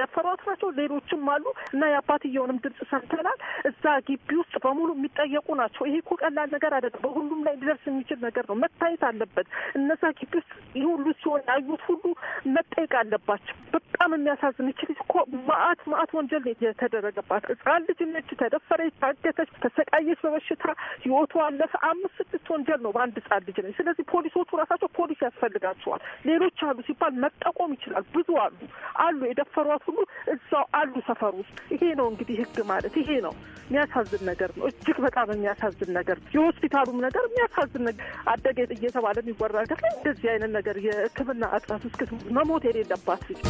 ደፈሯት ናቸው፣ ሌሎችም አሉ እና የአባትየውንም ድምጽ ሰምተናል። እዛ ግቢ ውስጥ በሙሉ የሚጠ እየጠየቁ ናቸው። ይሄ እኮ ቀላል ነገር አይደለም። በሁሉም ላይ ሊደርስ የሚችል ነገር ነው። መታየት አለበት። እነዛ ግቢ ውስጥ ይህ ሁሉ ሲሆን ያዩት ሁሉ መጠየቅ አለባቸው። በጣም የሚያሳዝን ይችል እኮ ማአት ማአት ወንጀል የተደረገባት ህጻን ልጅ ነች። ተደፈረች፣ ታገተች፣ ተሰቃየች በበሽታ ህይወቱ አለፈ። አምስት ስድስት ወንጀል ነው በአንድ ህጻን ልጅ ነች። ስለዚህ ፖሊሶቹ ራሳቸው ፖሊስ ያስፈልጋቸዋል። ሌሎች አሉ ሲባል መጠቆም ይችላል። ብዙ አሉ አሉ የደፈሯት ሁሉ እዛው አሉ ሰፈር ውስጥ። ይሄ ነው እንግዲህ ህግ ማለት ይሄ ነው። የሚያሳዝን ነገር ነው እጅግ በጣም የሚያሳዝን ነገር የሆስፒታሉም ነገር የሚያሳዝን ነገር አደገ እየተባለ የሚወራ ነገር ላይ እንደዚህ አይነት ነገር የሕክምና እጥረት እስክት መሞት የሌለባት ልጅ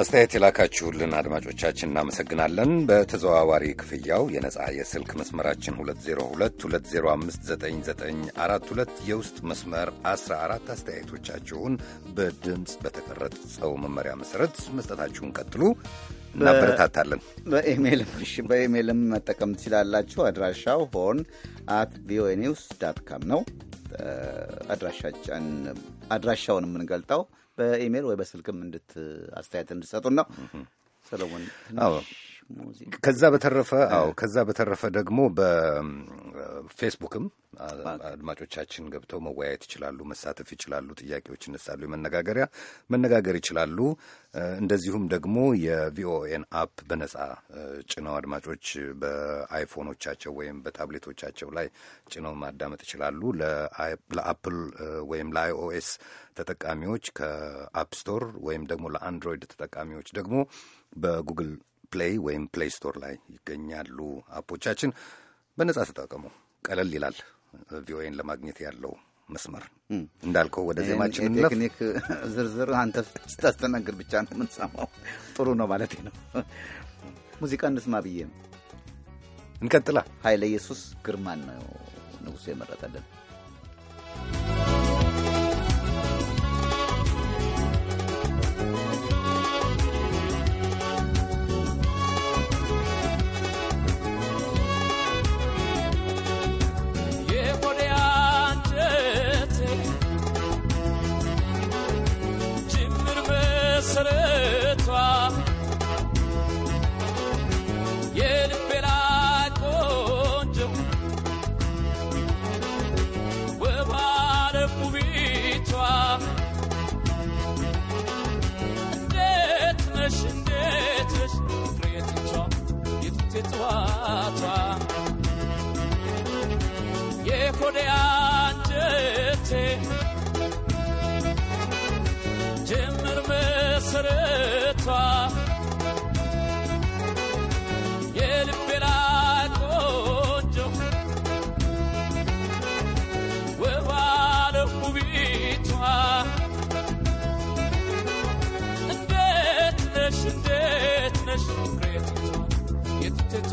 አስተያየት የላካችሁልን አድማጮቻችን እናመሰግናለን። በተዘዋዋሪ ክፍያው የነጻ የስልክ መስመራችን 2022059942 የውስጥ መስመር 14 አስተያየቶቻችሁን በድምፅ በተቀረጸው መመሪያ መሰረት መስጠታችሁን ቀጥሉ። እናበረታታለን። በኢሜይልም መጠቀም ትችላላችሁ። አድራሻው ሆን አት ቪኦኤ ኒውስ ዳት ካም ነው። አድራሻውን የምንገልጠው በኢሜይል ወይ በስልክም እንድት አስተያየት እንድትሰጡን ነው። ሰለሞን፣ አዎ ሙዚቃ ከዛ በተረፈ አዎ ከዛ በተረፈ ደግሞ በፌስቡክም አድማጮቻችን ገብተው መወያየት ይችላሉ፣ መሳተፍ ይችላሉ፣ ጥያቄዎች ይነሳሉ፣ የመነጋገሪያ መነጋገር ይችላሉ። እንደዚሁም ደግሞ የቪኦኤን አፕ በነጻ ጭነው አድማጮች በአይፎኖቻቸው ወይም በታብሌቶቻቸው ላይ ጭነው ማዳመጥ ይችላሉ። ለአፕል ወይም ለአይኦኤስ ተጠቃሚዎች ከአፕ ስቶር ወይም ደግሞ ለአንድሮይድ ተጠቃሚዎች ደግሞ በጉግል ፕሌይ ወይም ፕሌይ ስቶር ላይ ይገኛሉ። አፖቻችን በነጻ ተጠቀሙ። ቀለል ይላል። ቪኦኤን ለማግኘት ያለው መስመር እንዳልከው ወደ ዜማችን ቴክኒክ ዝርዝር አንተ ስታስተናግድ ብቻ ነው የምንሰማው። ጥሩ ነው ማለት ነው። ሙዚቃ እንስማ ብዬ ነው። እንቀጥላ ኃይለ ኢየሱስ ግርማን ነው ንጉሱ የመረጠልን። ጌቷ እንዴት ነሽ እንዴት ነሽ ፍሬትቷ የትትዋቷ የኮዴ አንጀቴ ጅምር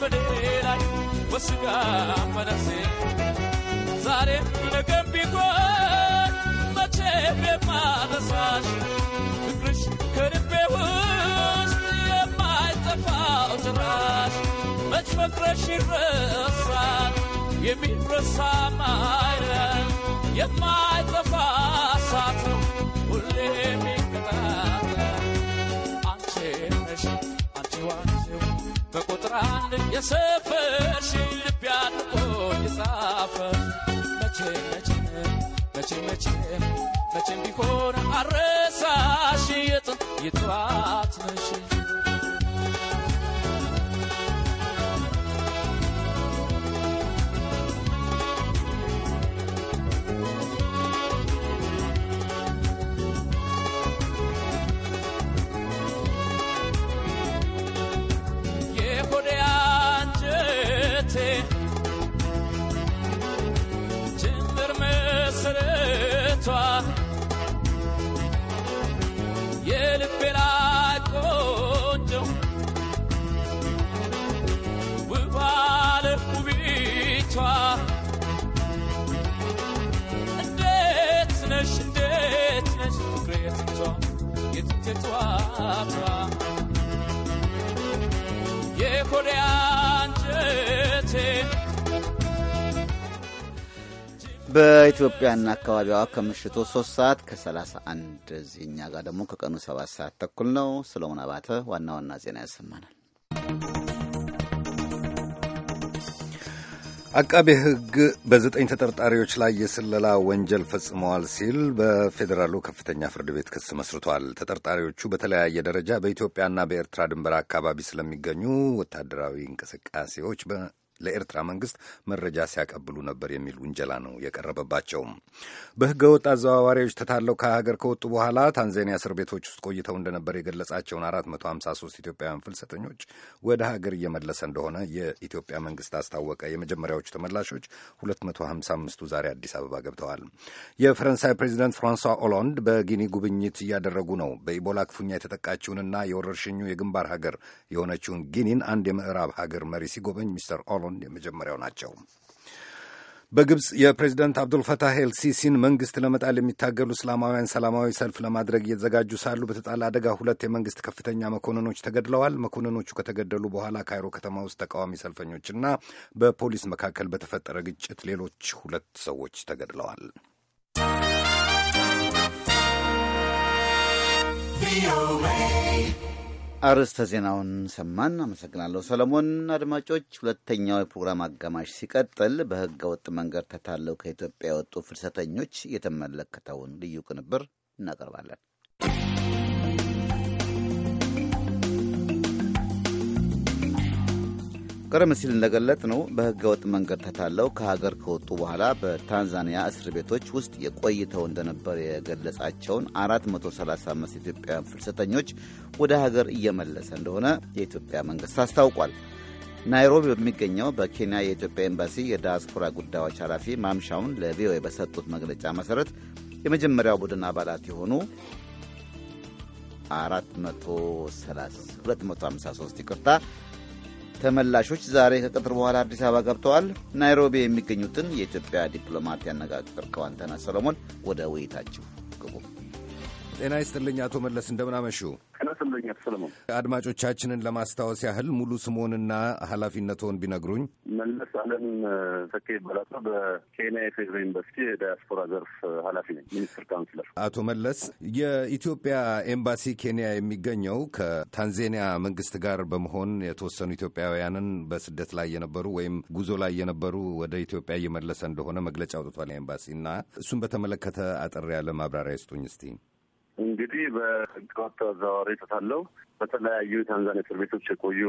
በደሬ ላይ በስጋ በነፍሴ ዛሬም ነገም ቢሆን መቼም የማረሳሽ ፍቅርሽ ከልቤ ውስጥ የማይጠፋው ጭራሽ መች ይረሳል የማይጠፋ ሳት የሰፈር ሽልብ ያድቆ የጻፈ መቼ መቼ መቼ መቼ መቼም ቢሆን አረሳሽ የጥንት የጠዋት ነሽ ኢትዮጵያና አካባቢዋ ከምሽቱ 3 ሰዓት ከ31 እኛ ጋር ደግሞ ከቀኑ 7 ሰዓት ተኩል ነው። ሰለሞን አባተ ዋና ዋና ዜና ያሰማናል። አቃቤ ሕግ በዘጠኝ ተጠርጣሪዎች ላይ የስለላ ወንጀል ፈጽመዋል ሲል በፌዴራሉ ከፍተኛ ፍርድ ቤት ክስ መስርቷል። ተጠርጣሪዎቹ በተለያየ ደረጃ በኢትዮጵያና በኤርትራ ድንበር አካባቢ ስለሚገኙ ወታደራዊ እንቅስቃሴዎች ለኤርትራ መንግስት መረጃ ሲያቀብሉ ነበር የሚል ውንጀላ ነው የቀረበባቸው። በህገወጥ አዘዋዋሪዎች ተታለው ከሀገር ከወጡ በኋላ ታንዛኒያ እስር ቤቶች ውስጥ ቆይተው እንደነበር የገለጻቸውን 453 ኢትዮጵያውያን ፍልሰተኞች ወደ ሀገር እየመለሰ እንደሆነ የኢትዮጵያ መንግስት አስታወቀ። የመጀመሪያዎቹ ተመላሾች 255ቱ ዛሬ አዲስ አበባ ገብተዋል። የፈረንሳይ ፕሬዚደንት ፍራንሷ ኦሎንድ በጊኒ ጉብኝት እያደረጉ ነው። በኢቦላ ክፉኛ የተጠቃችውንና የወረርሽኙ የግንባር ሀገር የሆነችውን ጊኒን አንድ የምዕራብ ሀገር መሪ ሲጎበኝ ሚስተር ኦሎንድ አሁን የመጀመሪያው ናቸው። በግብፅ የፕሬዚደንት አብዱልፈታህ ኤልሲሲን መንግስት ለመጣል የሚታገሉ እስላማውያን ሰላማዊ ሰልፍ ለማድረግ እየተዘጋጁ ሳሉ በተጣለ አደጋ ሁለት የመንግስት ከፍተኛ መኮንኖች ተገድለዋል። መኮንኖቹ ከተገደሉ በኋላ ካይሮ ከተማ ውስጥ ተቃዋሚ ሰልፈኞችና በፖሊስ መካከል በተፈጠረ ግጭት ሌሎች ሁለት ሰዎች ተገድለዋል። ቪኦኤ አርዕስተ ዜናውን ሰማን። አመሰግናለሁ ሰለሞን። አድማጮች፣ ሁለተኛው የፕሮግራም አጋማሽ ሲቀጥል በህገ ወጥ መንገድ ተታለው ከኢትዮጵያ የወጡ ፍልሰተኞች የተመለከተውን ልዩ ቅንብር እናቀርባለን። ቀደም ሲል እንደገለጥ ነው በህገወጥ መንገድ ተታለው ከሀገር ከወጡ በኋላ በታንዛኒያ እስር ቤቶች ውስጥ የቆይተው እንደነበር የገለጻቸውን 435 ኢትዮጵያውያን ፍልሰተኞች ወደ ሀገር እየመለሰ እንደሆነ የኢትዮጵያ መንግስት አስታውቋል። ናይሮቢ በሚገኘው በኬንያ የኢትዮጵያ ኤምባሲ የዲያስፖራ ጉዳዮች ኃላፊ ማምሻውን ለቪኦኤ በሰጡት መግለጫ መሰረት የመጀመሪያው ቡድን አባላት የሆኑ 453 ይቅርታ ተመላሾች ዛሬ ከቅጥር በኋላ አዲስ አበባ ገብተዋል። ናይሮቢ የሚገኙትን የኢትዮጵያ ዲፕሎማት ያነጋገርከው አንተነህ ሰሎሞን ወደ ውይይታችሁ ጤና ይስጥልኝ አቶ መለስ እንደምናመሹ። ጤና ይስጥልኝ ሰለሞን። አድማጮቻችንን ለማስታወስ ያህል ሙሉ ስሞንና ኃላፊነትዎን ቢነግሩኝ። መለስ አለም ተኬ ይባላለሁ። በኬንያ የፌዴራል ዩኒቨርሲቲ የዳያስፖራ ዘርፍ ኃላፊ ነኝ፣ ሚኒስትር ካውንስለር። አቶ መለስ የኢትዮጵያ ኤምባሲ ኬንያ የሚገኘው ከታንዛኒያ መንግስት ጋር በመሆን የተወሰኑ ኢትዮጵያውያንን በስደት ላይ የነበሩ ወይም ጉዞ ላይ የነበሩ ወደ ኢትዮጵያ እየመለሰ እንደሆነ መግለጫ አውጥቷል ኤምባሲ እና እሱን በተመለከተ አጠር ያለ ማብራሪያ ይስጡኝ እስቲ። እንግዲህ በህገወጥ አዘዋዋሪ ተታለው በተለያዩ የታንዛኒያ እስር ቤቶች የቆዩ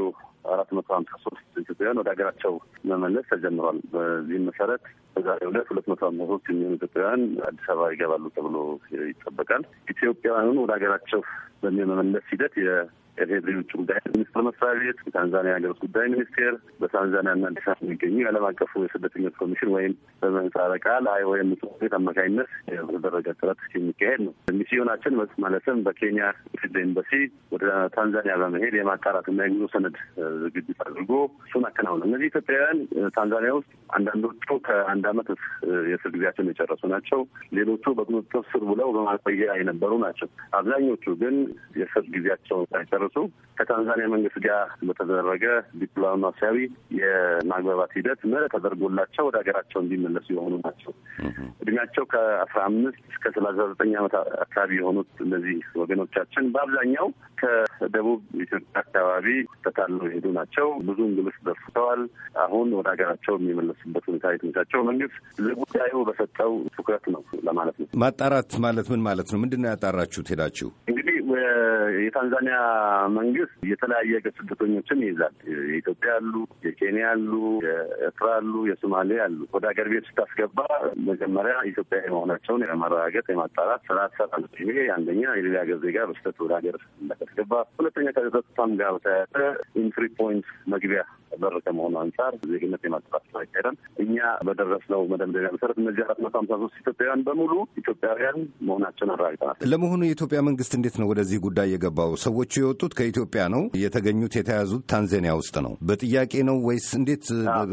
አራት መቶ ሀምሳ ሶስት ኢትዮጵያውያን ወደ ሀገራቸው መመለስ ተጀምሯል። በዚህም መሰረት በዛሬው ዕለት ሁለት መቶ ሀምሳ ሶስት የሚሆኑ ኢትዮጵያውያን አዲስ አበባ ይገባሉ ተብሎ ይጠበቃል። ኢትዮጵያውያኑን ወደ ሀገራቸው በሚመመለስ ሂደት ከፌዴሪ ውጭ ጉዳይ ሚኒስትር መስሪያ ቤት፣ የታንዛኒያ ሀገር ውስጥ ጉዳይ ሚኒስቴር፣ በታንዛኒያና አዲስ አበባ የሚገኙ የዓለም አቀፉ የስደተኞች ኮሚሽን ወይም በምህጻረ ቃል አይ ወይም ኤም ጽሕፈት ቤት አማካኝነት የተደረገ ጥረት የሚካሄድ ነው። ሚስዮናችን ማለትም በኬንያ ፊልድ ኤምባሲ ወደ ታንዛኒያ በመሄድ የማጣራትና የጉዞ ሰነድ ዝግጅት አድርጎ እሱን አከናውነ። እነዚህ ኢትዮጵያውያን ታንዛኒያ ውስጥ አንዳንዶቹ ከአንድ አመት የእስር ጊዜያቸውን የጨረሱ ናቸው። ሌሎቹ በቁጥጥር ስር ውለው በማቆያ የነበሩ ናቸው። አብዛኞቹ ግን የእስር ጊዜያቸውን ሳይጨርሱ ሲደርሱ ከታንዛኒያ መንግስት ጋር በተደረገ ዲፕሎማሲያዊ የማግባባት ሂደት ምህረት ተደርጎላቸው ወደ ሀገራቸው እንዲመለሱ የሆኑ ናቸው። እድሜያቸው ከአስራ አምስት እስከ ሰላሳ ዘጠኝ ዓመት አካባቢ የሆኑት እነዚህ ወገኖቻችን በአብዛኛው ከደቡብ ኢትዮጵያ አካባቢ ተታለው የሄዱ ናቸው። ብዙ እንግልት ደርስተዋል። አሁን ወደ ሀገራቸው የሚመለሱበት ሁኔታ የተመቻቸው መንግስት ለጉዳዩ በሰጠው ትኩረት ነው ለማለት ነው። ማጣራት ማለት ምን ማለት ነው? ምንድን ነው ያጣራችሁት ሄዳችሁ? የታንዛኒያ መንግስት የተለያየ ሀገር ስደተኞችን ይይዛል። የኢትዮጵያ አሉ፣ የኬንያ አሉ፣ የኤርትራ አሉ፣ የሶማሌ አሉ። ወደ ሀገር ቤት ስታስገባ መጀመሪያ ኢትዮጵያ የመሆናቸውን የማረጋገጥ የማጣራት ስራ ትሰራል። ይሄ አንደኛ የሌላ ሀገር ዜጋ በስተት ወደ ሀገር እንዳስገባ፣ ሁለተኛ ከጸጥታም ጋር በተያያዘ ኢንትሪ ፖይንት መግቢያ በር ከመሆኑ አንጻር ዜግነት የማጥፋት ስራ ይካሄዳል። እኛ በደረስነው መደምደሚያ መሰረት እነዚህ አራት መቶ ሀምሳ ሶስት ኢትዮጵያውያን በሙሉ ኢትዮጵያውያን መሆናቸውን አረጋግጠናል። ለመሆኑ የኢትዮጵያ መንግስት እንዴት ነው ወደዚህ ጉዳይ የገባው? ሰዎቹ የወጡት ከኢትዮጵያ ነው። የተገኙት የተያዙት ታንዛኒያ ውስጥ ነው። በጥያቄ ነው ወይስ እንዴት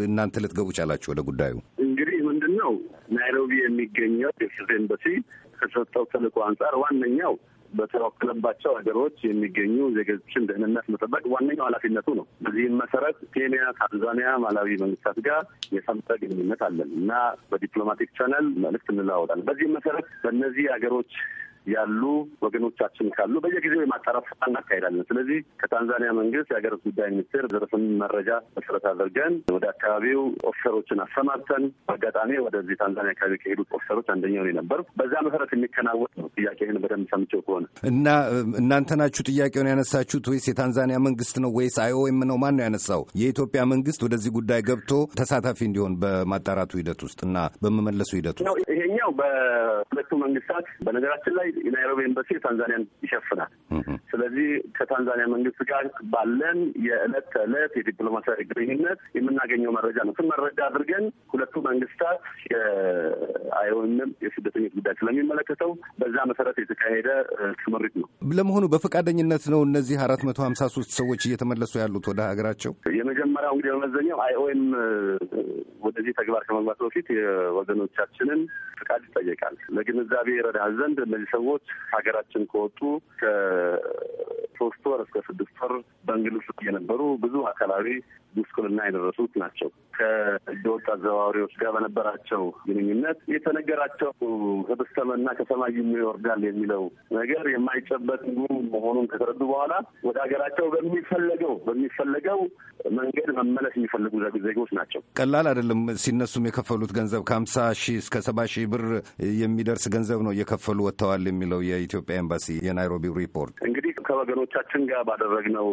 እናንተ ልትገቡ ቻላችሁ ወደ ጉዳዩ? እንግዲህ ምንድን ነው ናይሮቢ የሚገኘው የኢትዮጵያ ኤምባሲ ከሰጠው ተልዕኮ አንጻር ዋነኛው በተወከለባቸው ሀገሮች የሚገኙ ዜጎችን ደህንነት መጠበቅ ዋነኛው ኃላፊነቱ ነው። በዚህም መሰረት ኬንያ፣ ታንዛኒያ፣ ማላዊ መንግስታት ጋር የሰምጠ ግንኙነት አለን እና በዲፕሎማቲክ ቻናል መልእክት እንለዋወጣለን። በዚህም መሰረት በእነዚህ ሀገሮች ያሉ ወገኖቻችን ካሉ በየጊዜው የማጣራት ስራ እናካሄዳለን። ስለዚህ ከታንዛኒያ መንግስት የሀገር ውስጥ ጉዳይ ሚኒስቴር ደረሰን መረጃ መሰረት አድርገን ወደ አካባቢው ኦፊሰሮችን አሰማርተን በአጋጣሚ ወደዚህ ታንዛኒያ አካባቢ ከሄዱት ኦፊሰሮች አንደኛው ነበር። በዛ መሰረት የሚከናወን ነው። ጥያቄህን በደንብ ሰምቼው ከሆነ እና እናንተ ናችሁ ጥያቄውን ያነሳችሁት ወይስ የታንዛኒያ መንግስት ነው ወይስ አይኦኤም ነው? ማን ነው ያነሳው? የኢትዮጵያ መንግስት ወደዚህ ጉዳይ ገብቶ ተሳታፊ እንዲሆን በማጣራቱ ሂደት ውስጥ እና በመመለሱ ሂደት ውስጥ ይሄኛው በሁለቱ መንግስታት በነገራችን ላይ የናይሮቢ ኤምባሲ የታንዛኒያን ይሸፍናል። ስለዚህ ከታንዛኒያ መንግስት ጋር ባለን የዕለት ተዕለት የዲፕሎማሲያዊ ግንኙነት የምናገኘው መረጃ ነው። ስም መረጃ አድርገን ሁለቱ መንግስታት የአይኦኤምም የስደተኞች ጉዳይ ስለሚመለከተው በዛ መሰረት የተካሄደ ስምሪት ነው። ለመሆኑ በፈቃደኝነት ነው እነዚህ አራት መቶ ሀምሳ ሶስት ሰዎች እየተመለሱ ያሉት ወደ ሀገራቸው? የመጀመሪያው እንግዲህ በመዘኛው አይኦኤም ወደዚህ ተግባር ከመግባት በፊት የወገኖቻችንን ፍቃድ ይጠየቃል። ለግንዛቤ ረዳህ ዘንድ እነዚህ ሰዎች ሰዎች ሀገራችን ከወጡ ከሶስት ወር እስከ ስድስት ወር በእንግሊዝ የነበሩ ብዙ አካላዊ ጉስቁልና የደረሱት ናቸው። ከህገ ወጥ አዘዋዋሪዎች ጋር በነበራቸው ግንኙነት የተነገራቸው ከበስተመና ከሰማይ ይወርዳል የሚለው ነገር የማይጨበጥ መሆኑን ከተረዱ በኋላ ወደ ሀገራቸው በሚፈለገው በሚፈለገው መንገድ መመለስ የሚፈልጉ ዜጎች ናቸው። ቀላል አይደለም። ሲነሱም የከፈሉት ገንዘብ ከሀምሳ ሺህ እስከ ሰባ ሺህ ብር የሚደርስ ገንዘብ ነው እየከፈሉ ወጥተዋል የሚለው የኢትዮጵያ ኤምባሲ የናይሮቢ ሪፖርት እንግዲህ ከወገኖቻችን ጋር ባደረግነው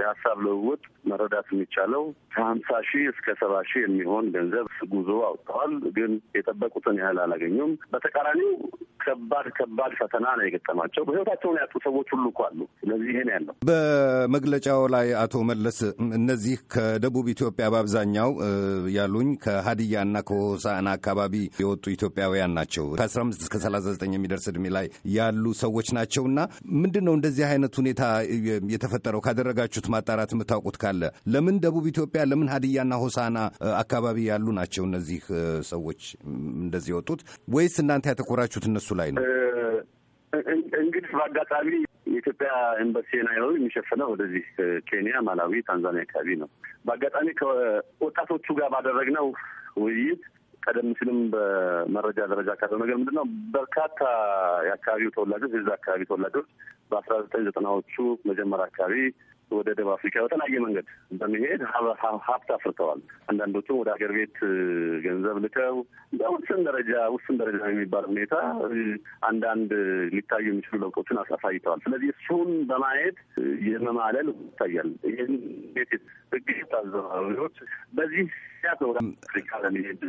የሀሳብ ልውውጥ መረዳት የሚቻለው ከሀምሳ ሺህ እስከ ሰባ ሺህ የሚሆን ገንዘብ ጉዞ አውጥተዋል። ግን የጠበቁትን ያህል አላገኙም። በተቃራኒው ከባድ ከባድ ፈተና ነው የገጠማቸው። በህይወታቸውን ያጡ ሰዎች ሁሉ እኮ አሉ። ስለዚህ ይሄን ያለው በመግለጫው ላይ አቶ መለስ እነዚህ ከደቡብ ኢትዮጵያ በአብዛኛው ያሉኝ ከሀዲያና ከሆሳዕና አካባቢ የወጡ ኢትዮጵያውያን ናቸው። ከአስራ አምስት እስከ ሰላሳ ዘጠኝ የሚደርስ እድሜ ላይ ያሉ ሰዎች ናቸውና ምንድን ነው እንደዚህ አይነት ሁኔታ የተፈጠረው? ካደረጋችሁት ማጣራት የምታውቁት ካለ ለምን ደቡብ ኢትዮጵያ ለምን ሀዲያና ሆሳ ጣና አካባቢ ያሉ ናቸው እነዚህ ሰዎች እንደዚህ የወጡት ወይስ እናንተ ያተኮራችሁት እነሱ ላይ ነው? እንግዲህ በአጋጣሚ የኢትዮጵያ ኤምባሲ ናይሮቢ የሚሸፍነው ወደዚህ ኬንያ፣ ማላዊ፣ ታንዛኒያ አካባቢ ነው። በአጋጣሚ ከወጣቶቹ ጋር ባደረግነው ውይይት ቀደም ሲልም በመረጃ ደረጃ ካለው ነገር ምንድን ነው በርካታ የአካባቢው ተወላጆች የዛ አካባቢ ተወላጆች በአስራ ዘጠኝ ዘጠናዎቹ መጀመሪያ አካባቢ ወደ ደቡብ አፍሪካ በተለያየ መንገድ በመሄድ ሀብት አፍርተዋል። አንዳንዶቹም ወደ ሀገር ቤት ገንዘብ ልከው በውስን ደረጃ ውስን ደረጃ የሚባል ሁኔታ አንዳንድ ሊታዩ የሚችሉ ለውጦችን አሳይተዋል። ስለዚህ እሱን በማየት የመማለል ይታያል። ይህን ቤት ጥቂት በዚህ ምክንያት ወደ አፍሪካ ለመሄድ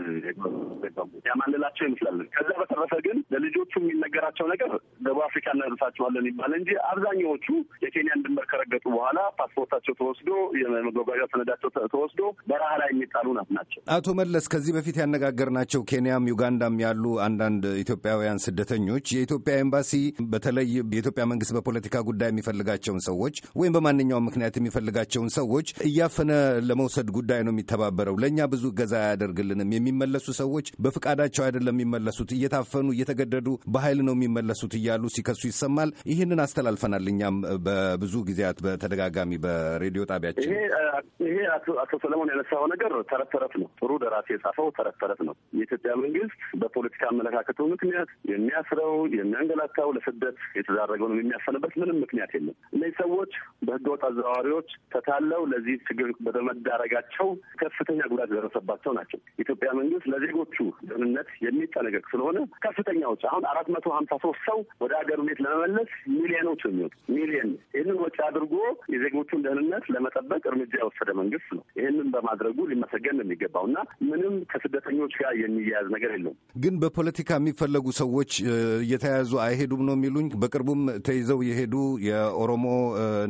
ያማልላቸው ይመስላለን። ከዛ በተረፈ ግን ለልጆቹ የሚነገራቸው ነገር ደቡብ አፍሪካ እናደርሳቸዋለን ይባል እንጂ አብዛኛዎቹ የኬንያን ድንበር ከረገጡ በኋላ ፓስፖርታቸው ተወስዶ የመጓጓዣ ሰነዳቸው ተወስዶ በረሃ ላይ የሚጣሉ ናቸው። አቶ መለስ ከዚህ በፊት ያነጋገርናቸው ኬንያም ዩጋንዳም ያሉ አንዳንድ ኢትዮጵያውያን ስደተኞች የኢትዮጵያ ኤምባሲ በተለይ የኢትዮጵያ መንግስት በፖለቲካ ጉዳይ የሚፈልጋቸውን ሰዎች ወይም በማንኛውም ምክንያት የሚፈልጋቸውን ሰዎች እያ እየታፈነ ለመውሰድ ጉዳይ ነው የሚተባበረው። ለእኛ ብዙ እገዛ አያደርግልንም። የሚመለሱ ሰዎች በፍቃዳቸው አይደለም የሚመለሱት፣ እየታፈኑ እየተገደዱ በኃይል ነው የሚመለሱት እያሉ ሲከሱ ይሰማል። ይህንን አስተላልፈናል። እኛም በብዙ ጊዜያት በተደጋጋሚ በሬዲዮ ጣቢያችን ይሄ አቶ ሰለሞን ያነሳው ነገር ተረት ተረት ነው። ጥሩ ደራሲ የጻፈው ተረት ተረት ነው። የኢትዮጵያ መንግስት በፖለቲካ አመለካከቱ ምክንያት የሚያስረው የሚያንገላታው ለስደት ነው የሚያፈንበት ምንም ምክንያት የለም። እነዚህ ሰዎች በህገወጥ አዘዋዋሪዎች ተታለው ለዚህ ችግር በመዳረጋቸው ከፍተኛ ጉዳት የደረሰባቸው ናቸው። ኢትዮጵያ መንግስት ለዜጎቹ ደህንነት የሚጠነቀቅ ስለሆነ ከፍተኛ ወጪ አሁን አራት መቶ ሀምሳ ሶስት ሰው ወደ ሀገር ቤት ለመመለስ ሚሊዮኖች የሚወጡ ሚሊዮን ይህንን ወጪ አድርጎ የዜጎቹን ደህንነት ለመጠበቅ እርምጃ የወሰደ መንግስት ነው። ይህንን በማድረጉ ሊመሰገን ነው የሚገባው እና ምንም ከስደተኞች ጋር የሚያያዝ ነገር የለውም። ግን በፖለቲካ የሚፈለጉ ሰዎች እየተያዙ አይሄዱም ነው የሚሉኝ። በቅርቡም ተይዘው የሄዱ የኦሮሞ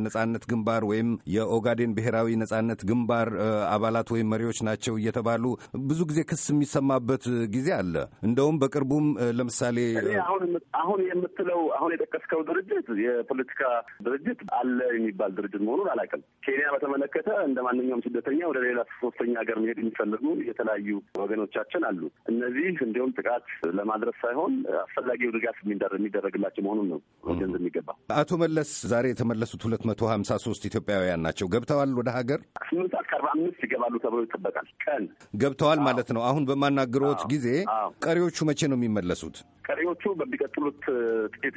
ነጻነት ግንባር ወይም የኦጋዴን ብሔራዊ ነጻነት ነጻነት ግንባር አባላት ወይም መሪዎች ናቸው እየተባሉ ብዙ ጊዜ ክስ የሚሰማበት ጊዜ አለ። እንደውም በቅርቡም ለምሳሌ አሁን የምትለው አሁን የጠቀስከው ድርጅት የፖለቲካ ድርጅት አለ የሚባል ድርጅት መሆኑን አላውቅም። ኬንያ በተመለከተ እንደ ማንኛውም ስደተኛ ወደ ሌላ ሶስተኛ ሀገር መሄድ የሚፈልጉ የተለያዩ ወገኖቻችን አሉ። እነዚህ እንዲሁም ጥቃት ለማድረስ ሳይሆን አስፈላጊው ድጋፍ የሚደረግላቸው መሆኑን ነው ገንዘብ የሚገባ አቶ መለስ ዛሬ የተመለሱት ሁለት መቶ ሀምሳ ሶስት ኢትዮጵያውያን ናቸው ገብተዋል ወደ ሀገር ስምንት ሰዓት ከአርባ አምስት ይገባሉ ተብሎ ይጠበቃል። ቀን ገብተዋል ማለት ነው። አሁን በማናገሮት ጊዜ ቀሪዎቹ መቼ ነው የሚመለሱት? ቀሪዎቹ በሚቀጥሉት ጥቂት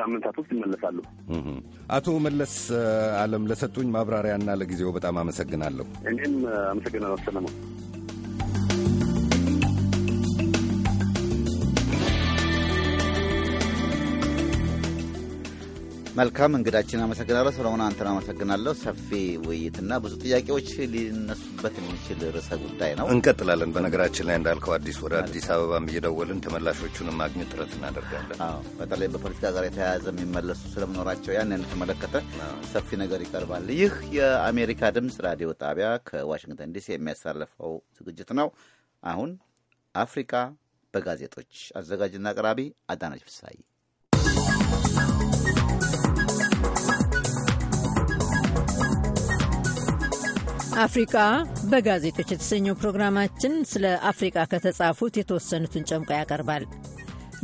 ሳምንታት ውስጥ ይመለሳሉ። አቶ መለስ አለም ለሰጡኝ ማብራሪያና ለጊዜው በጣም አመሰግናለሁ። እኔም አመሰግናለሁ ሰለሞን። መልካም እንግዳችን አመሰግናለሁ። ሰለሞን አንተን አመሰግናለሁ። ሰፊ ውይይትና ብዙ ጥያቄዎች ሊነሱበት የሚችል ርዕሰ ጉዳይ ነው። እንቀጥላለን። በነገራችን ላይ እንዳልከው አዲስ ወደ አዲስ አበባም እየደወልን ተመላሾቹንም ማግኘት ጥረት እናደርጋለን። በተለይ በፖለቲካ ጋር የተያያዘ የሚመለሱ ስለመኖራቸው ያን የተመለከተ ሰፊ ነገር ይቀርባል። ይህ የአሜሪካ ድምፅ ራዲዮ ጣቢያ ከዋሽንግተን ዲሲ የሚያሳልፈው ዝግጅት ነው። አሁን አፍሪካ በጋዜጦች አዘጋጅና አቅራቢ አዳነች ፍሳይ አፍሪቃ በጋዜጦች የተሰኘው ፕሮግራማችን ስለ አፍሪቃ ከተጻፉት የተወሰኑትን ጨምቆ ያቀርባል።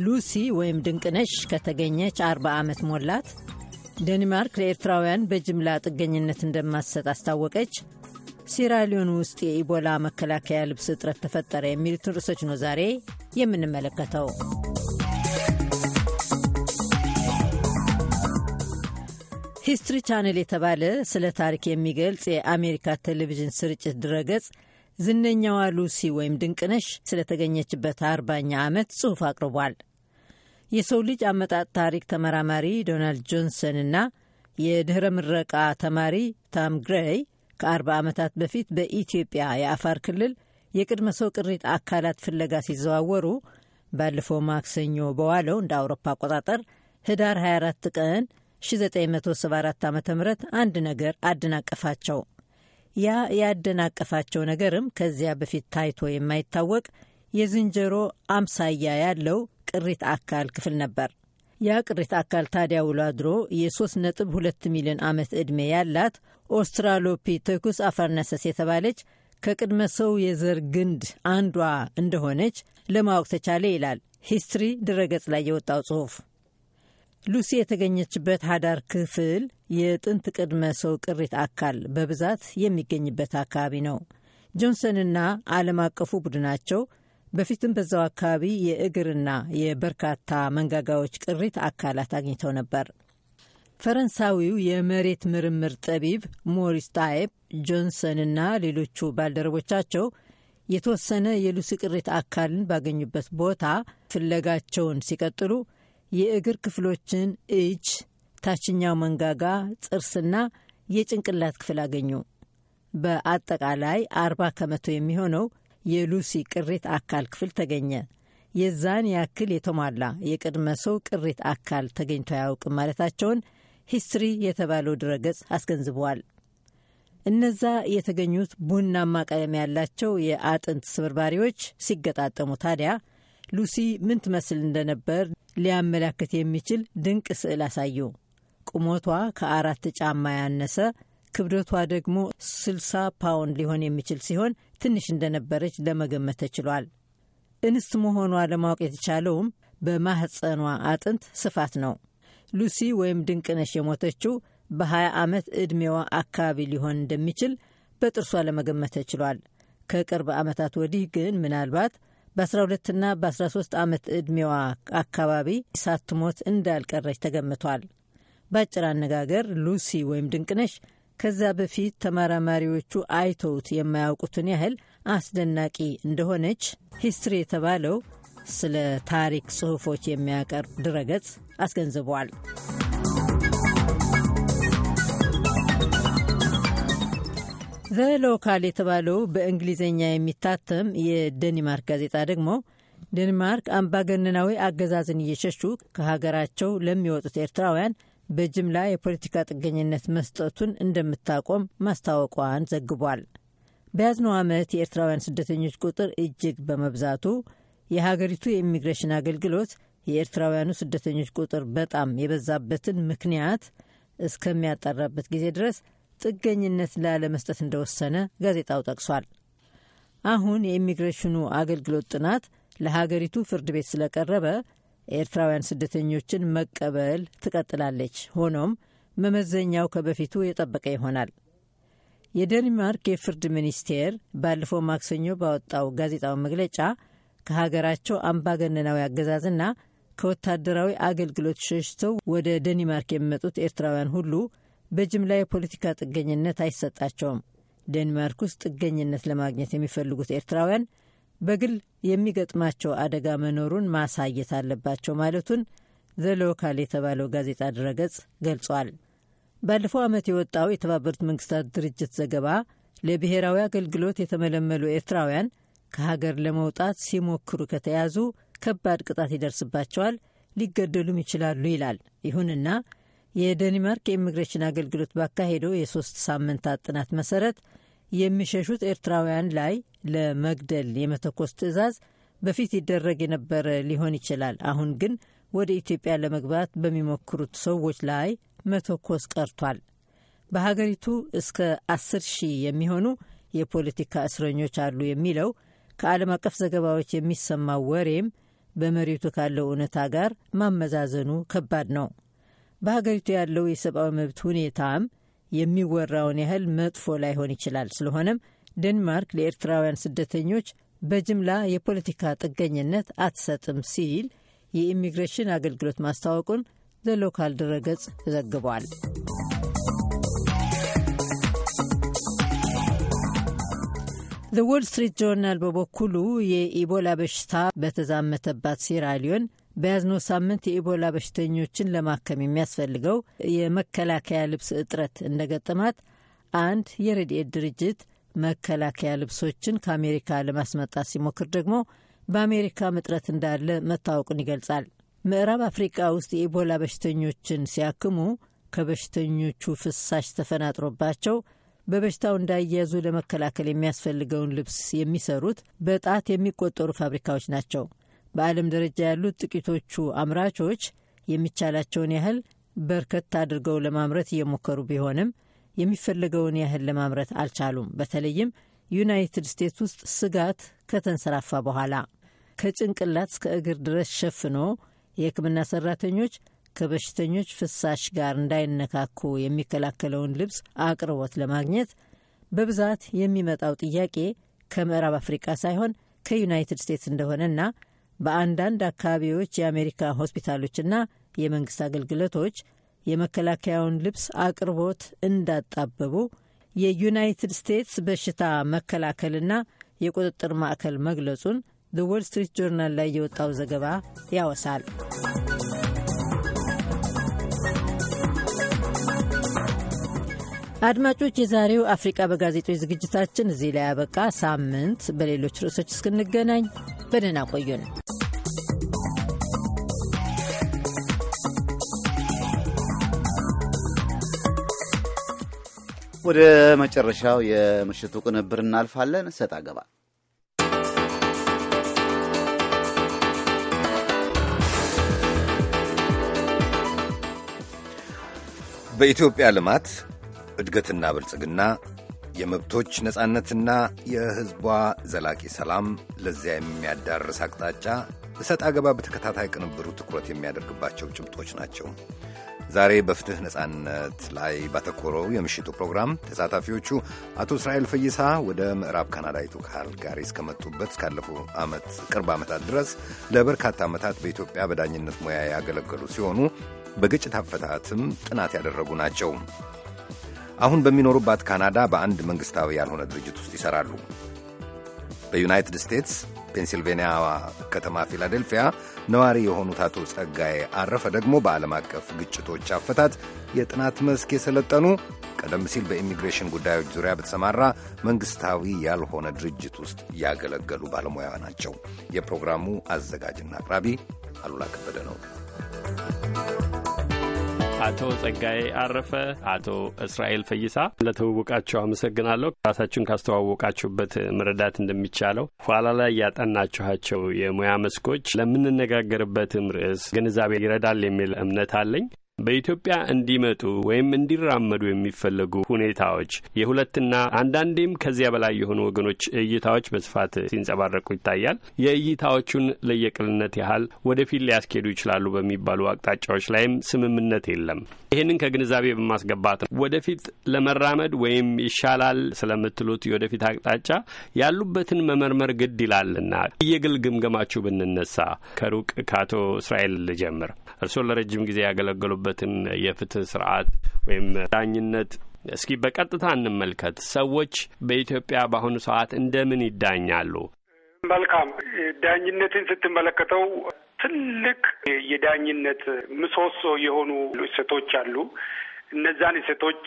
ሉሲ ወይም ድንቅነሽ ከተገኘች 40 ዓመት ሞላት፣ ዴንማርክ ለኤርትራውያን በጅምላ ጥገኝነት እንደማትሰጥ አስታወቀች፣ ሴራሊዮን ውስጥ የኢቦላ መከላከያ ልብስ እጥረት ተፈጠረ የሚሉትን ርዕሶች ነው ዛሬ የምንመለከተው። ሂስትሪ ቻነል የተባለ ስለ ታሪክ የሚገልጽ የአሜሪካ ቴሌቪዥን ስርጭት ድረገጽ ዝነኛዋ ሉሲ ወይም ድንቅነሽ ስለተገኘችበት አርባኛ ዓመት ጽሑፍ አቅርቧል። የሰው ልጅ አመጣጥ ታሪክ ተመራማሪ ዶናልድ ጆንሰን እና የድኅረ ምረቃ ተማሪ ታም ግሬይ ከአርባ ዓመታት በፊት በኢትዮጵያ የአፋር ክልል የቅድመ ሰው ቅሪት አካላት ፍለጋ ሲዘዋወሩ ባለፈው ማክሰኞ በዋለው እንደ አውሮፓ አቆጣጠር ህዳር 24 ቀን 1974 ዓ ም አንድ ነገር አደናቀፋቸው። ያ ያደናቀፋቸው ነገርም ከዚያ በፊት ታይቶ የማይታወቅ የዝንጀሮ አምሳያ ያለው ቅሪት አካል ክፍል ነበር። ያ ቅሪት አካል ታዲያ ውሎ አድሮ የ ነ2 ሚሊዮን ዓመት ዕድሜ ያላት ኦስትራሎፒቴኩስ አፈርነሰስ የተባለች ከቅድመ ሰው የዘር ግንድ አንዷ እንደሆነች ለማወቅ ተቻለ ይላል ሂስትሪ ድረገጽ ላይ የወጣው ጽሑፍ። ሉሲ የተገኘችበት ሀዳር ክፍል የጥንት ቅድመ ሰው ቅሪት አካል በብዛት የሚገኝበት አካባቢ ነው። ጆንሰንና ዓለም አቀፉ ቡድናቸው በፊትም በዛው አካባቢ የእግርና የበርካታ መንጋጋዎች ቅሪት አካላት አግኝተው ነበር። ፈረንሳዊው የመሬት ምርምር ጠቢብ ሞሪስ ጣይብ ጆንሰንና ሌሎቹ ባልደረቦቻቸው የተወሰነ የሉሲ ቅሪት አካልን ባገኙበት ቦታ ፍለጋቸውን ሲቀጥሉ የእግር ክፍሎችን፣ እጅ፣ ታችኛው መንጋጋ፣ ጥርስና የጭንቅላት ክፍል አገኙ። በአጠቃላይ አርባ ከመቶ የሚሆነው የሉሲ ቅሪት አካል ክፍል ተገኘ። የዛን ያክል የተሟላ የቅድመ ሰው ቅሪት አካል ተገኝቶ አያውቅም ማለታቸውን ሂስትሪ የተባለው ድረገጽ አስገንዝበዋል። እነዛ የተገኙት ቡናማ ቀለም ያላቸው የአጥንት ስብርባሪዎች ሲገጣጠሙ ታዲያ ሉሲ ምን ትመስል እንደነበር ሊያመላክት የሚችል ድንቅ ስዕል አሳዩ። ቁመቷ ከአራት ጫማ ያነሰ ክብደቷ ደግሞ 60 ፓውንድ ሊሆን የሚችል ሲሆን ትንሽ እንደነበረች ለመገመት ተችሏል። እንስት መሆኗ ለማወቅ የተቻለውም በማህፀኗ አጥንት ስፋት ነው። ሉሲ ወይም ድንቅነሽ የሞተችው በ20 ዓመት ዕድሜዋ አካባቢ ሊሆን እንደሚችል በጥርሷ ለመገመት ተችሏል። ከቅርብ ዓመታት ወዲህ ግን ምናልባት በ12ና በ13 ዓመት ዕድሜዋ አካባቢ ሳትሞት እንዳልቀረች ተገምቷል። በአጭር አነጋገር ሉሲ ወይም ድንቅነሽ ከዛ በፊት ተመራማሪዎቹ አይተውት የማያውቁትን ያህል አስደናቂ እንደሆነች ሂስትሪ የተባለው ስለ ታሪክ ጽሑፎች የሚያቀርብ ድረገጽ አስገንዝቧል። ዘ ሎካል የተባለው በእንግሊዝኛ የሚታተም የደኒማርክ ጋዜጣ ደግሞ ደንማርክ አምባገነናዊ አገዛዝን እየሸሹ ከሀገራቸው ለሚወጡት ኤርትራውያን በጅምላ የፖለቲካ ጥገኝነት መስጠቱን እንደምታቆም ማስታወቋን ዘግቧል። በያዝነው ዓመት የኤርትራውያን ስደተኞች ቁጥር እጅግ በመብዛቱ የሀገሪቱ የኢሚግሬሽን አገልግሎት የኤርትራውያኑ ስደተኞች ቁጥር በጣም የበዛበትን ምክንያት እስከሚያጠራበት ጊዜ ድረስ ጥገኝነት ላለመስጠት እንደወሰነ ጋዜጣው ጠቅሷል። አሁን የኢሚግሬሽኑ አገልግሎት ጥናት ለሀገሪቱ ፍርድ ቤት ስለቀረበ ኤርትራውያን ስደተኞችን መቀበል ትቀጥላለች። ሆኖም መመዘኛው ከበፊቱ የጠበቀ ይሆናል። የደንማርክ የፍርድ ሚኒስቴር ባለፈው ማክሰኞ ባወጣው ጋዜጣዊ መግለጫ ከሀገራቸው አምባገነናዊ አገዛዝና ከወታደራዊ አገልግሎት ሸሽተው ወደ ደኒማርክ የሚመጡት ኤርትራውያን ሁሉ በጅምላ የፖለቲካ ጥገኝነት አይሰጣቸውም። ዴንማርክ ውስጥ ጥገኝነት ለማግኘት የሚፈልጉት ኤርትራውያን በግል የሚገጥማቸው አደጋ መኖሩን ማሳየት አለባቸው ማለቱን ሎካል የተባለው ጋዜጣ ድረገጽ ገልጿል። ባለፈው ዓመት የወጣው የተባበሩት መንግስታት ድርጅት ዘገባ ለብሔራዊ አገልግሎት የተመለመሉ ኤርትራውያን ከሀገር ለመውጣት ሲሞክሩ ከተያዙ ከባድ ቅጣት ይደርስባቸዋል፣ ሊገደሉም ይችላሉ ይላል። ይሁንና የደንማርክ የኢሚግሬሽን አገልግሎት ባካሄደው የሶስት ሳምንታት ጥናት መሰረት የሚሸሹት ኤርትራውያን ላይ ለመግደል የመተኮስ ትዕዛዝ በፊት ይደረግ የነበረ ሊሆን ይችላል። አሁን ግን ወደ ኢትዮጵያ ለመግባት በሚሞክሩት ሰዎች ላይ መተኮስ ቀርቷል። በሀገሪቱ እስከ አስር ሺህ የሚሆኑ የፖለቲካ እስረኞች አሉ የሚለው ከዓለም አቀፍ ዘገባዎች የሚሰማው ወሬም በመሬቱ ካለው እውነታ ጋር ማመዛዘኑ ከባድ ነው። በሀገሪቱ ያለው የሰብአዊ መብት ሁኔታም የሚወራውን ያህል መጥፎ ላይሆን ይችላል። ስለሆነም ዴንማርክ ለኤርትራውያን ስደተኞች በጅምላ የፖለቲካ ጥገኝነት አትሰጥም ሲል የኢሚግሬሽን አገልግሎት ማስታወቁን ዘሎካል ድረገጽ ዘግቧል። ዘ ዎል ስትሪት ጆርናል በበኩሉ የኢቦላ በሽታ በተዛመተባት ሴራሊዮን በያዝነው ሳምንት የኢቦላ በሽተኞችን ለማከም የሚያስፈልገው የመከላከያ ልብስ እጥረት እንደገጠማት አንድ የረድኤት ድርጅት መከላከያ ልብሶችን ከአሜሪካ ለማስመጣት ሲሞክር ደግሞ በአሜሪካ እጥረት እንዳለ መታወቁን ይገልጻል። ምዕራብ አፍሪቃ ውስጥ የኢቦላ በሽተኞችን ሲያክሙ ከበሽተኞቹ ፍሳሽ ተፈናጥሮባቸው በበሽታው እንዳያዙ ለመከላከል የሚያስፈልገውን ልብስ የሚሰሩት በጣት የሚቆጠሩ ፋብሪካዎች ናቸው። በዓለም ደረጃ ያሉት ጥቂቶቹ አምራቾች የሚቻላቸውን ያህል በርከት አድርገው ለማምረት እየሞከሩ ቢሆንም የሚፈለገውን ያህል ለማምረት አልቻሉም። በተለይም ዩናይትድ ስቴትስ ውስጥ ስጋት ከተንሰራፋ በኋላ ከጭንቅላት እስከ እግር ድረስ ሸፍኖ የሕክምና ሰራተኞች ከበሽተኞች ፍሳሽ ጋር እንዳይነካኩ የሚከላከለውን ልብስ አቅርቦት ለማግኘት በብዛት የሚመጣው ጥያቄ ከምዕራብ አፍሪቃ ሳይሆን ከዩናይትድ ስቴትስ እንደሆነና በአንዳንድ አካባቢዎች የአሜሪካ ሆስፒታሎችና የመንግስት አገልግሎቶች የመከላከያውን ልብስ አቅርቦት እንዳጣበቡ የዩናይትድ ስቴትስ በሽታ መከላከልና የቁጥጥር ማዕከል መግለጹን ዘ ዎል ስትሪት ጆርናል ላይ የወጣው ዘገባ ያወሳል። አድማጮች፣ የዛሬው አፍሪቃ በጋዜጦች ዝግጅታችን እዚህ ላይ ያበቃ። ሳምንት በሌሎች ርዕሶች እስክንገናኝ በደህና ቆዩን። ወደ መጨረሻው የምሽቱ ቅንብር እናልፋለን። እሰጥ አገባ በኢትዮጵያ ልማት እድገትና ብልጽግና፣ የመብቶች ነጻነትና የሕዝቧ ዘላቂ ሰላም ለዚያ የሚያዳርስ አቅጣጫ እሰጥ አገባ በተከታታይ ቅንብሩ ትኩረት የሚያደርግባቸው ጭብጦች ናቸው። ዛሬ በፍትህ ነጻነት ላይ ባተኮረው የምሽቱ ፕሮግራም ተሳታፊዎቹ አቶ እስራኤል ፈይሳ ወደ ምዕራብ ካናዳይቱ ካልጋሪ እስከመጡበት እስካለፉ ዓመት ቅርብ ዓመታት ድረስ ለበርካታ ዓመታት በኢትዮጵያ በዳኝነት ሙያ ያገለገሉ ሲሆኑ በግጭት አፈታትም ጥናት ያደረጉ ናቸው። አሁን በሚኖሩባት ካናዳ በአንድ መንግሥታዊ ያልሆነ ድርጅት ውስጥ ይሠራሉ። በዩናይትድ ስቴትስ ፔንሲልቬንያ ከተማ ፊላዴልፊያ ነዋሪ የሆኑት አቶ ጸጋዬ አረፈ ደግሞ በዓለም አቀፍ ግጭቶች አፈታት የጥናት መስክ የሰለጠኑ ቀደም ሲል በኢሚግሬሽን ጉዳዮች ዙሪያ በተሰማራ መንግሥታዊ ያልሆነ ድርጅት ውስጥ ያገለገሉ ባለሙያ ናቸው። የፕሮግራሙ አዘጋጅና አቅራቢ አሉላ ከበደ ነው። አቶ ጸጋዬ አረፈ፣ አቶ እስራኤል ፈይሳ ለትውውቃቸው አመሰግናለሁ። ራሳችሁን ካስተዋወቃችሁበት መረዳት እንደሚቻለው ኋላ ላይ ያጠናችኋቸው የሙያ መስኮች ለምንነጋገርበትም ርዕስ ግንዛቤ ይረዳል የሚል እምነት አለኝ። በኢትዮጵያ እንዲመጡ ወይም እንዲራመዱ የሚፈለጉ ሁኔታዎች የሁለትና አንዳንዴም ከዚያ በላይ የሆኑ ወገኖች እይታዎች በስፋት ሲንጸባረቁ ይታያል። የእይታዎቹን ለየቅልነት ያህል ወደፊት ሊያስኬዱ ይችላሉ በሚባሉ አቅጣጫዎች ላይም ስምምነት የለም። ይህንን ከግንዛቤ በማስገባት ነው ወደፊት ለመራመድ ወይም ይሻላል ስለምትሉት የወደፊት አቅጣጫ ያሉበትን መመርመር ግድ ይላልና የግል ግምገማችሁ ብንነሳ ከሩቅ ከአቶ እስራኤል ልጀምር። እርስዎን ለረጅም ጊዜ ያገለገሉበት ያለበትን የፍትህ ስርዓት ወይም ዳኝነት እስኪ በቀጥታ እንመልከት። ሰዎች በኢትዮጵያ በአሁኑ ሰዓት እንደምን ይዳኛሉ? መልካም ዳኝነትን ስትመለከተው ትልቅ የዳኝነት ምሰሶ የሆኑ እሴቶች አሉ። እነዛን እሴቶች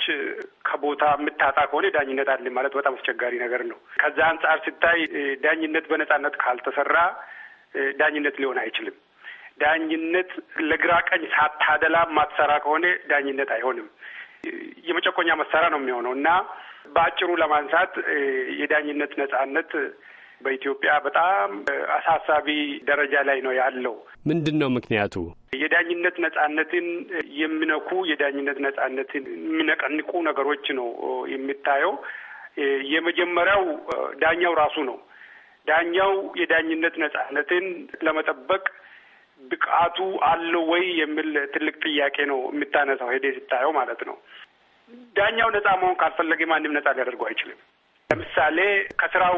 ከቦታ የምታጣ ከሆነ ዳኝነት አለ ማለት በጣም አስቸጋሪ ነገር ነው። ከዛ አንጻር ሲታይ ዳኝነት በነጻነት ካልተሰራ ዳኝነት ሊሆን አይችልም። ዳኝነት ለግራ ቀኝ ሳታደላ ማትሰራ ከሆነ ዳኝነት አይሆንም። የመጨቆኛ መሳሪያ ነው የሚሆነው እና በአጭሩ ለማንሳት የዳኝነት ነጻነት በኢትዮጵያ በጣም አሳሳቢ ደረጃ ላይ ነው ያለው። ምንድን ነው ምክንያቱ? የዳኝነት ነጻነትን የሚነኩ የዳኝነት ነጻነትን የሚነቀንቁ ነገሮች ነው የሚታየው። የመጀመሪያው ዳኛው ራሱ ነው። ዳኛው የዳኝነት ነጻነትን ለመጠበቅ ብቃቱ አለው ወይ የሚል ትልቅ ጥያቄ ነው የምታነሳው፣ ሄደ ስታየው ማለት ነው። ዳኛው ነጻ መሆን ካልፈለገ ማንም ነጻ ሊያደርገው አይችልም። ለምሳሌ ከስራው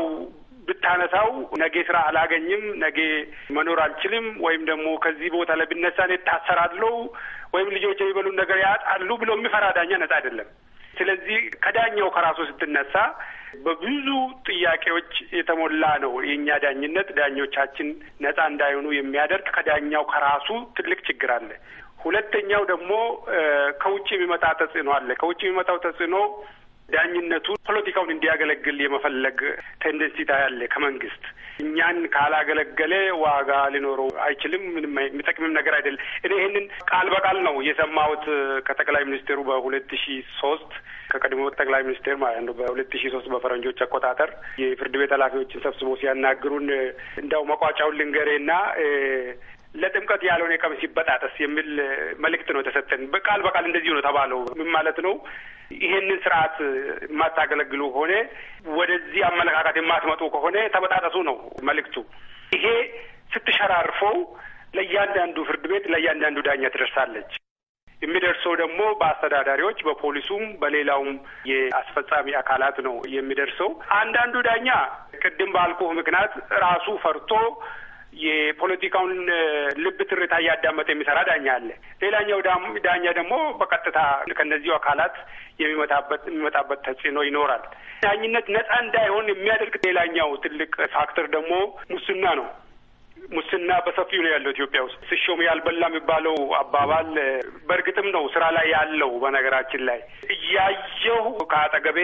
ብታነሳው ነገ ስራ አላገኝም፣ ነገ መኖር አልችልም፣ ወይም ደግሞ ከዚህ ቦታ ላይ ብነሳ እኔ ወይም ልጆች የሚበሉ ነገር ያጣሉ ብሎ የሚፈራ ዳኛ ነጻ አይደለም። ስለዚህ ከዳኛው ከራሱ ስትነሳ በብዙ ጥያቄዎች የተሞላ ነው የእኛ ዳኝነት። ዳኞቻችን ነጻ እንዳይሆኑ የሚያደርግ ከዳኛው ከራሱ ትልቅ ችግር አለ። ሁለተኛው ደግሞ ከውጭ የሚመጣ ተጽዕኖ አለ። ከውጭ የሚመጣው ተጽዕኖ ዳኝነቱ ፖለቲካውን እንዲያገለግል የመፈለግ ቴንደንሲ ታያለ። ከመንግስት እኛን ካላገለገለ ዋጋ ሊኖረው አይችልም፣ ምንም የሚጠቅምም ነገር አይደለም። እኔ ይህንን ቃል በቃል ነው የሰማሁት ከጠቅላይ ሚኒስቴሩ በሁለት ሺ ሶስት ከቀድሞ ጠቅላይ ሚኒስቴር ማለት ነው በሁለት ሺ ሶስት በፈረንጆች አቆጣጠር የፍርድ ቤት ኃላፊዎችን ሰብስቦ ሲያናግሩን እንደው መቋጫውን ልንገሬ ና ለጥምቀት ያልሆነ ቀሚስ ይበጣጠስ የሚል መልእክት ነው የተሰጠን። በቃል በቃል እንደዚሁ ነው ተባለው። ምን ማለት ነው? ይሄንን ስርዓት የማታገለግሉ ከሆነ ወደዚህ አመለካከት የማትመጡ ከሆነ ተበጣጠሱ ነው መልእክቱ። ይሄ ስትሸራርፈው ለእያንዳንዱ ፍርድ ቤት ለእያንዳንዱ ዳኛ ትደርሳለች። የሚደርሰው ደግሞ በአስተዳዳሪዎች፣ በፖሊሱም፣ በሌላውም የአስፈጻሚ አካላት ነው የሚደርሰው። አንዳንዱ ዳኛ ቅድም ባልኩ ምክንያት ራሱ ፈርቶ የፖለቲካውን ልብ ትርታ እያዳመጠ የሚሰራ ዳኛ አለ። ሌላኛው ዳኛ ደግሞ በቀጥታ ከነዚሁ አካላት የሚመጣበት የሚመጣበት ተጽዕኖ ይኖራል። ዳኝነት ነጻ እንዳይሆን የሚያደርግ ሌላኛው ትልቅ ፋክተር ደግሞ ሙስና ነው። ሙስና በሰፊው ነው ያለው ኢትዮጵያ ውስጥ። ስሾም ያልበላ የሚባለው አባባል በእርግጥም ነው ስራ ላይ ያለው። በነገራችን ላይ እያየሁ ከአጠገቤ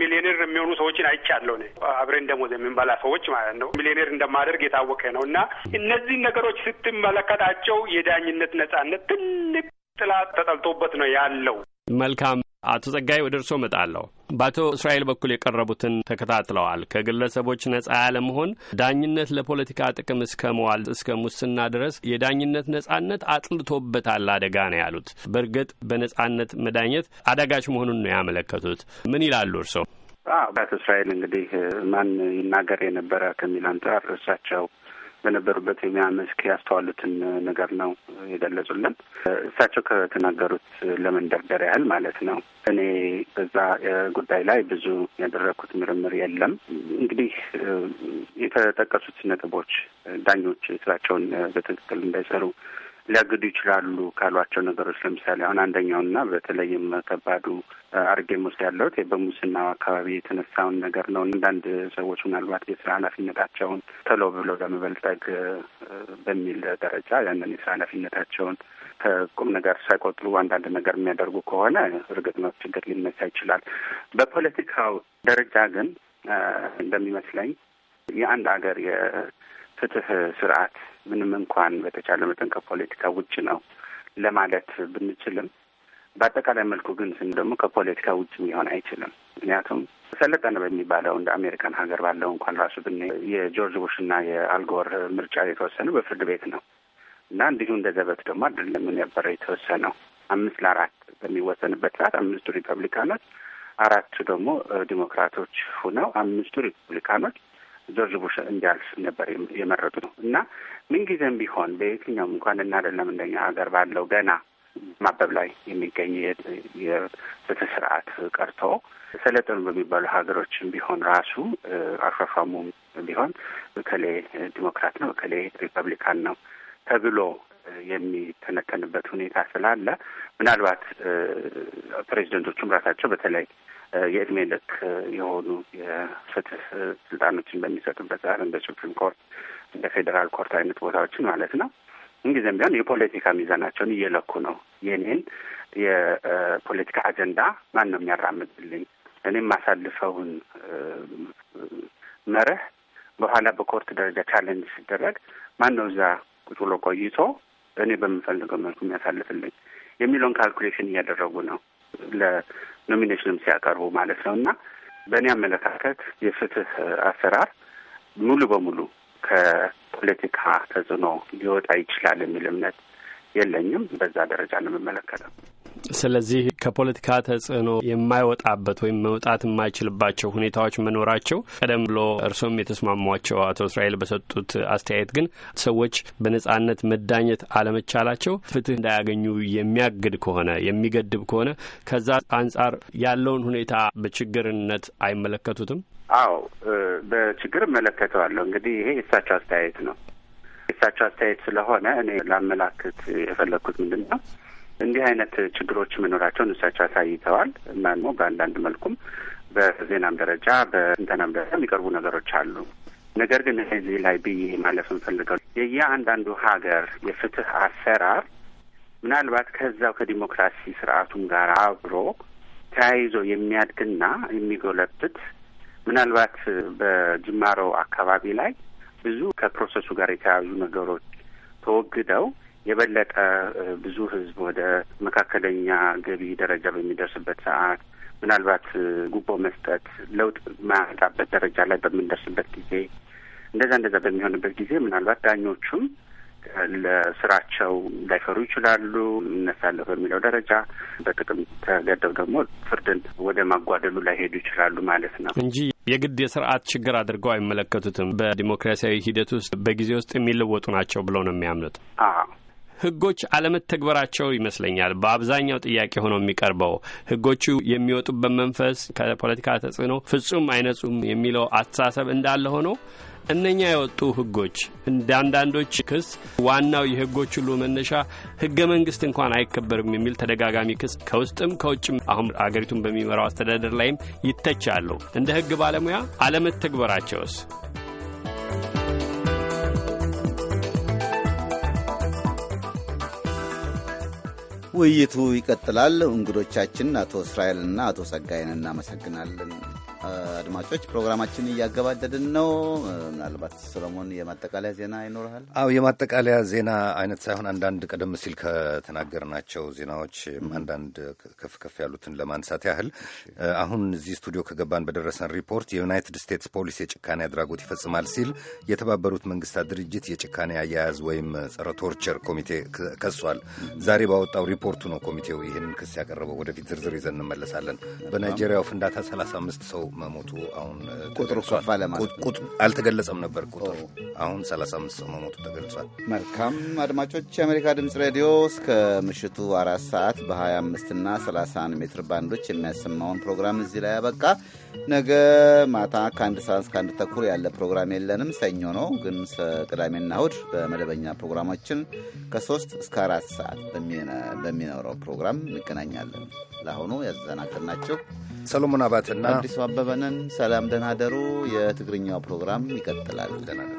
ሚሊዮኔር የሚሆኑ ሰዎችን አይቻለሁ። እኔ አብሬን ደሞዝ የምንበላ ሰዎች ማለት ነው። ሚሊዮኔር እንደማደርግ የታወቀ ነው። እና እነዚህ ነገሮች ስትመለከታቸው የዳኝነት ነጻነት ትልቅ ጥላ ተጠልቶበት ነው ያለው። መልካም አቶ ጸጋይ ወደ እርስዎ እመጣለሁ። በአቶ እስራኤል በኩል የቀረቡትን ተከታትለዋል። ከግለሰቦች ነጻ ያለመሆን ዳኝነት ለፖለቲካ ጥቅም እስከ መዋል እስከ ሙስና ድረስ የዳኝነት ነጻነት አጥልቶበታል አደጋ ነው ያሉት። በእርግጥ በነጻነት መዳኘት አዳጋች መሆኑን ነው ያመለከቱት። ምን ይላሉ እርስዎ? አቶ እስራኤል እንግዲህ ማን ይናገር የነበረ ከሚል አንጻር እሳቸው በነበሩበት የሙያ መስክ ያስተዋሉትን ነገር ነው የገለጹልን። እሳቸው ከተናገሩት ለመንደርደር ያህል ማለት ነው። እኔ በዛ ጉዳይ ላይ ብዙ ያደረግኩት ምርምር የለም። እንግዲህ የተጠቀሱት ነጥቦች ዳኞች ስራቸውን በትክክል እንዳይሰሩ ሊያግዱ ይችላሉ ካሏቸው ነገሮች ለምሳሌ አሁን አንደኛውና በተለይም ከባዱ አርጌም ውስጥ ያለሁት በሙስናው አካባቢ የተነሳውን ነገር ነው። አንዳንድ ሰዎች ምናልባት የስራ ኃላፊነታቸውን ቶሎ ብሎ ለመበልጠግ በሚል ደረጃ ያንን የስራ ኃላፊነታቸውን ከቁም ነገር ሳይቆጥሩ አንዳንድ ነገር የሚያደርጉ ከሆነ እርግጥ ነው ችግር ሊነሳ ይችላል። በፖለቲካው ደረጃ ግን እንደሚመስለኝ የአንድ ሀገር የፍትህ ስርዓት ምንም እንኳን በተቻለ መጠን ከፖለቲካ ውጭ ነው ለማለት ብንችልም በአጠቃላይ መልኩ ግን ስን ደግሞ ከፖለቲካ ውጭ ሊሆን አይችልም። ምክንያቱም ሰለጠነ በሚባለው እንደ አሜሪካን ሀገር ባለው እንኳን ራሱ ብን የጆርጅ ቡሽና የአልጎር ምርጫ የተወሰነው በፍርድ ቤት ነው እና እንዲሁ እንደ ዘበት ደግሞ አይደለም የነበረ የተወሰነው አምስት ለአራት በሚወሰንበት ሰዓት አምስቱ ሪፐብሊካኖች አራቱ ደግሞ ዲሞክራቶች ሁነው አምስቱ ሪፐብሊካኖች ጆርጅ ቡሽ እንዲያልፍ ነበር ነው እና ምንጊዜም ቢሆን በየትኛውም እንኳን እና አይደለም እንደኛ ሀገር ባለው ገና ማበብ ላይ የሚገኝ የፍትህ ስርዓት ቀርቶ ሰለጠኑ በሚባሉ ሀገሮችም ቢሆን ራሱ አሿሿሙም ቢሆን እከሌ ዲሞክራት ነው፣ እከሌ ሪፐብሊካን ነው ተብሎ የሚተነተንበት ሁኔታ ስላለ ምናልባት ፕሬዚደንቶቹም ራሳቸው በተለይ የእድሜ ልክ የሆኑ የፍትህ ስልጣኖችን በሚሰጡበት ዛር እንደ ሱፕሪም ኮርት እንደ ፌዴራል ኮርት አይነት ቦታዎችን ማለት ነው እንጊዜም ቢሆን የፖለቲካ ሚዛናቸውን እየለኩ ነው። የኔን የፖለቲካ አጀንዳ ማን ነው የሚያራምድልኝ? እኔም ማሳልፈውን መርህ በኋላ በኮርት ደረጃ ቻለንጅ ሲደረግ ማን ነው እዛ ቁጭ ብሎ ቆይቶ እኔ በምፈልገው መልኩ የሚያሳልፍልኝ የሚለውን ካልኩሌሽን እያደረጉ ነው። ኖሚኔሽንም ሲያቀርቡ ማለት ነው እና በእኔ አመለካከት የፍትህ አሰራር ሙሉ በሙሉ ከፖለቲካ ተጽዕኖ ሊወጣ ይችላል የሚል እምነት የለኝም። በዛ ደረጃ ነው የምመለከተው። ስለዚህ ከፖለቲካ ተጽዕኖ የማይወጣበት ወይም መውጣት የማይችልባቸው ሁኔታዎች መኖራቸው ቀደም ብሎ እርሶም የተስማሟቸው አቶ እስራኤል በሰጡት አስተያየት ግን ሰዎች በነጻነት መዳኘት አለመቻላቸው ፍትህ እንዳያገኙ የሚያግድ ከሆነ የሚገድብ ከሆነ ከዛ አንጻር ያለውን ሁኔታ በችግርነት አይመለከቱትም? አዎ በችግር እመለከተዋለሁ። እንግዲህ ይሄ የእሳቸው አስተያየት ነው። የእሳቸው አስተያየት ስለሆነ እኔ ላመላክት የፈለግኩት ምንድን ነው እንዲህ አይነት ችግሮች መኖራቸውን እሳቸው አሳይተዋል እና ደግሞ በአንዳንድ መልኩም በዜናም ደረጃ በስንተናም ደረጃ የሚቀርቡ ነገሮች አሉ። ነገር ግን እዚህ ላይ ብዬ ማለፍ እንፈልገው የየአንዳንዱ ሀገር የፍትህ አሰራር ምናልባት ከዛው ከዲሞክራሲ ስርዓቱም ጋር አብሮ ተያይዞ የሚያድግና የሚጎለብት ምናልባት በጅማሮ አካባቢ ላይ ብዙ ከፕሮሰሱ ጋር የተያያዙ ነገሮች ተወግደው የበለጠ ብዙ ህዝብ ወደ መካከለኛ ገቢ ደረጃ በሚደርስበት ሰዓት ምናልባት ጉቦ መስጠት ለውጥ ማያመጣበት ደረጃ ላይ በምንደርስበት ጊዜ እንደዛ እንደዛ በሚሆንበት ጊዜ ምናልባት ዳኞቹም ለስራቸው ላይፈሩ ይችላሉ። እነሳለሁ በሚለው ደረጃ በጥቅም ተገደው ደግሞ ፍርድን ወደ ማጓደሉ ላይ ሄዱ ይችላሉ ማለት ነው እንጂ የግድ የስርዓት ችግር አድርገው አይመለከቱትም። በዲሞክራሲያዊ ሂደት ውስጥ በጊዜ ውስጥ የሚለወጡ ናቸው ብለው ነው የሚያምኑት። አዎ ህጎች አለመተግበራቸው ይመስለኛል በአብዛኛው ጥያቄ ሆኖ የሚቀርበው። ህጎቹ የሚወጡበት መንፈስ ከፖለቲካ ተጽዕኖ ፍጹም አይነጹም የሚለው አስተሳሰብ እንዳለ ሆኖ እነኛ የወጡ ህጎች እንደ አንዳንዶች ክስ ዋናው የህጎች ሁሉ መነሻ ህገ መንግስት እንኳን አይከበርም የሚል ተደጋጋሚ ክስ ከውስጥም ከውጭም አሁን አገሪቱን በሚመራው አስተዳደር ላይም ይተቻሉ። እንደ ህግ ባለሙያ አለመተግበራቸውስ ውይይቱ ይቀጥላል። እንግዶቻችን አቶ እስራኤልና አቶ ጸጋይን እናመሰግናለን። አድማጮች ፕሮግራማችን እያገባደድን ነው። ምናልባት ሰለሞን የማጠቃለያ ዜና ይኖርሃል? አዎ የማጠቃለያ ዜና አይነት ሳይሆን አንዳንድ ቀደም ሲል ከተናገርናቸው ዜናዎች አንዳንድ ከፍ ከፍ ያሉትን ለማንሳት ያህል አሁን እዚህ ስቱዲዮ ከገባን በደረሰን ሪፖርት የዩናይትድ ስቴትስ ፖሊስ የጭካኔ አድራጎት ይፈጽማል ሲል የተባበሩት መንግስታት ድርጅት የጭካኔ አያያዝ ወይም ጸረ ቶርቸር ኮሚቴ ከሷል። ዛሬ ባወጣው ሪፖርቱ ነው ኮሚቴው ይህንን ክስ ያቀረበው። ወደፊት ዝርዝር ይዘን እንመለሳለን። በናይጄሪያው ፍንዳታ 35 ሰው መሞቱ አሁን ቁጥሩ ከፋ ለማለት አልተገለጸም ነበር ቁጥሩ አሁን 35 ሰው መሞቱ ተገልጿል። መልካም አድማጮች፣ የአሜሪካ ድምፅ ሬዲዮ እስከ ምሽቱ አራት ሰዓት በ25 እና 31 ሜትር ባንዶች የሚያሰማውን ፕሮግራም እዚህ ላይ አበቃ ነገ ማታ ከአንድ ሰዓት እስከ አንድ ተኩል ያለ ፕሮግራም የለንም። ሰኞ ነው ግን ቅዳሜና እሁድ በመደበኛ ፕሮግራማችን ከሶስት እስከ አራት ሰዓት በሚኖረው ፕሮግራም እንገናኛለን። ለአሁኑ ናቸው። ሰሎሞን አባትና አዲሱ አበበንን። ሰላም ደናደሩ። የትግርኛው ፕሮግራም ይቀጥላል። ደናደሩ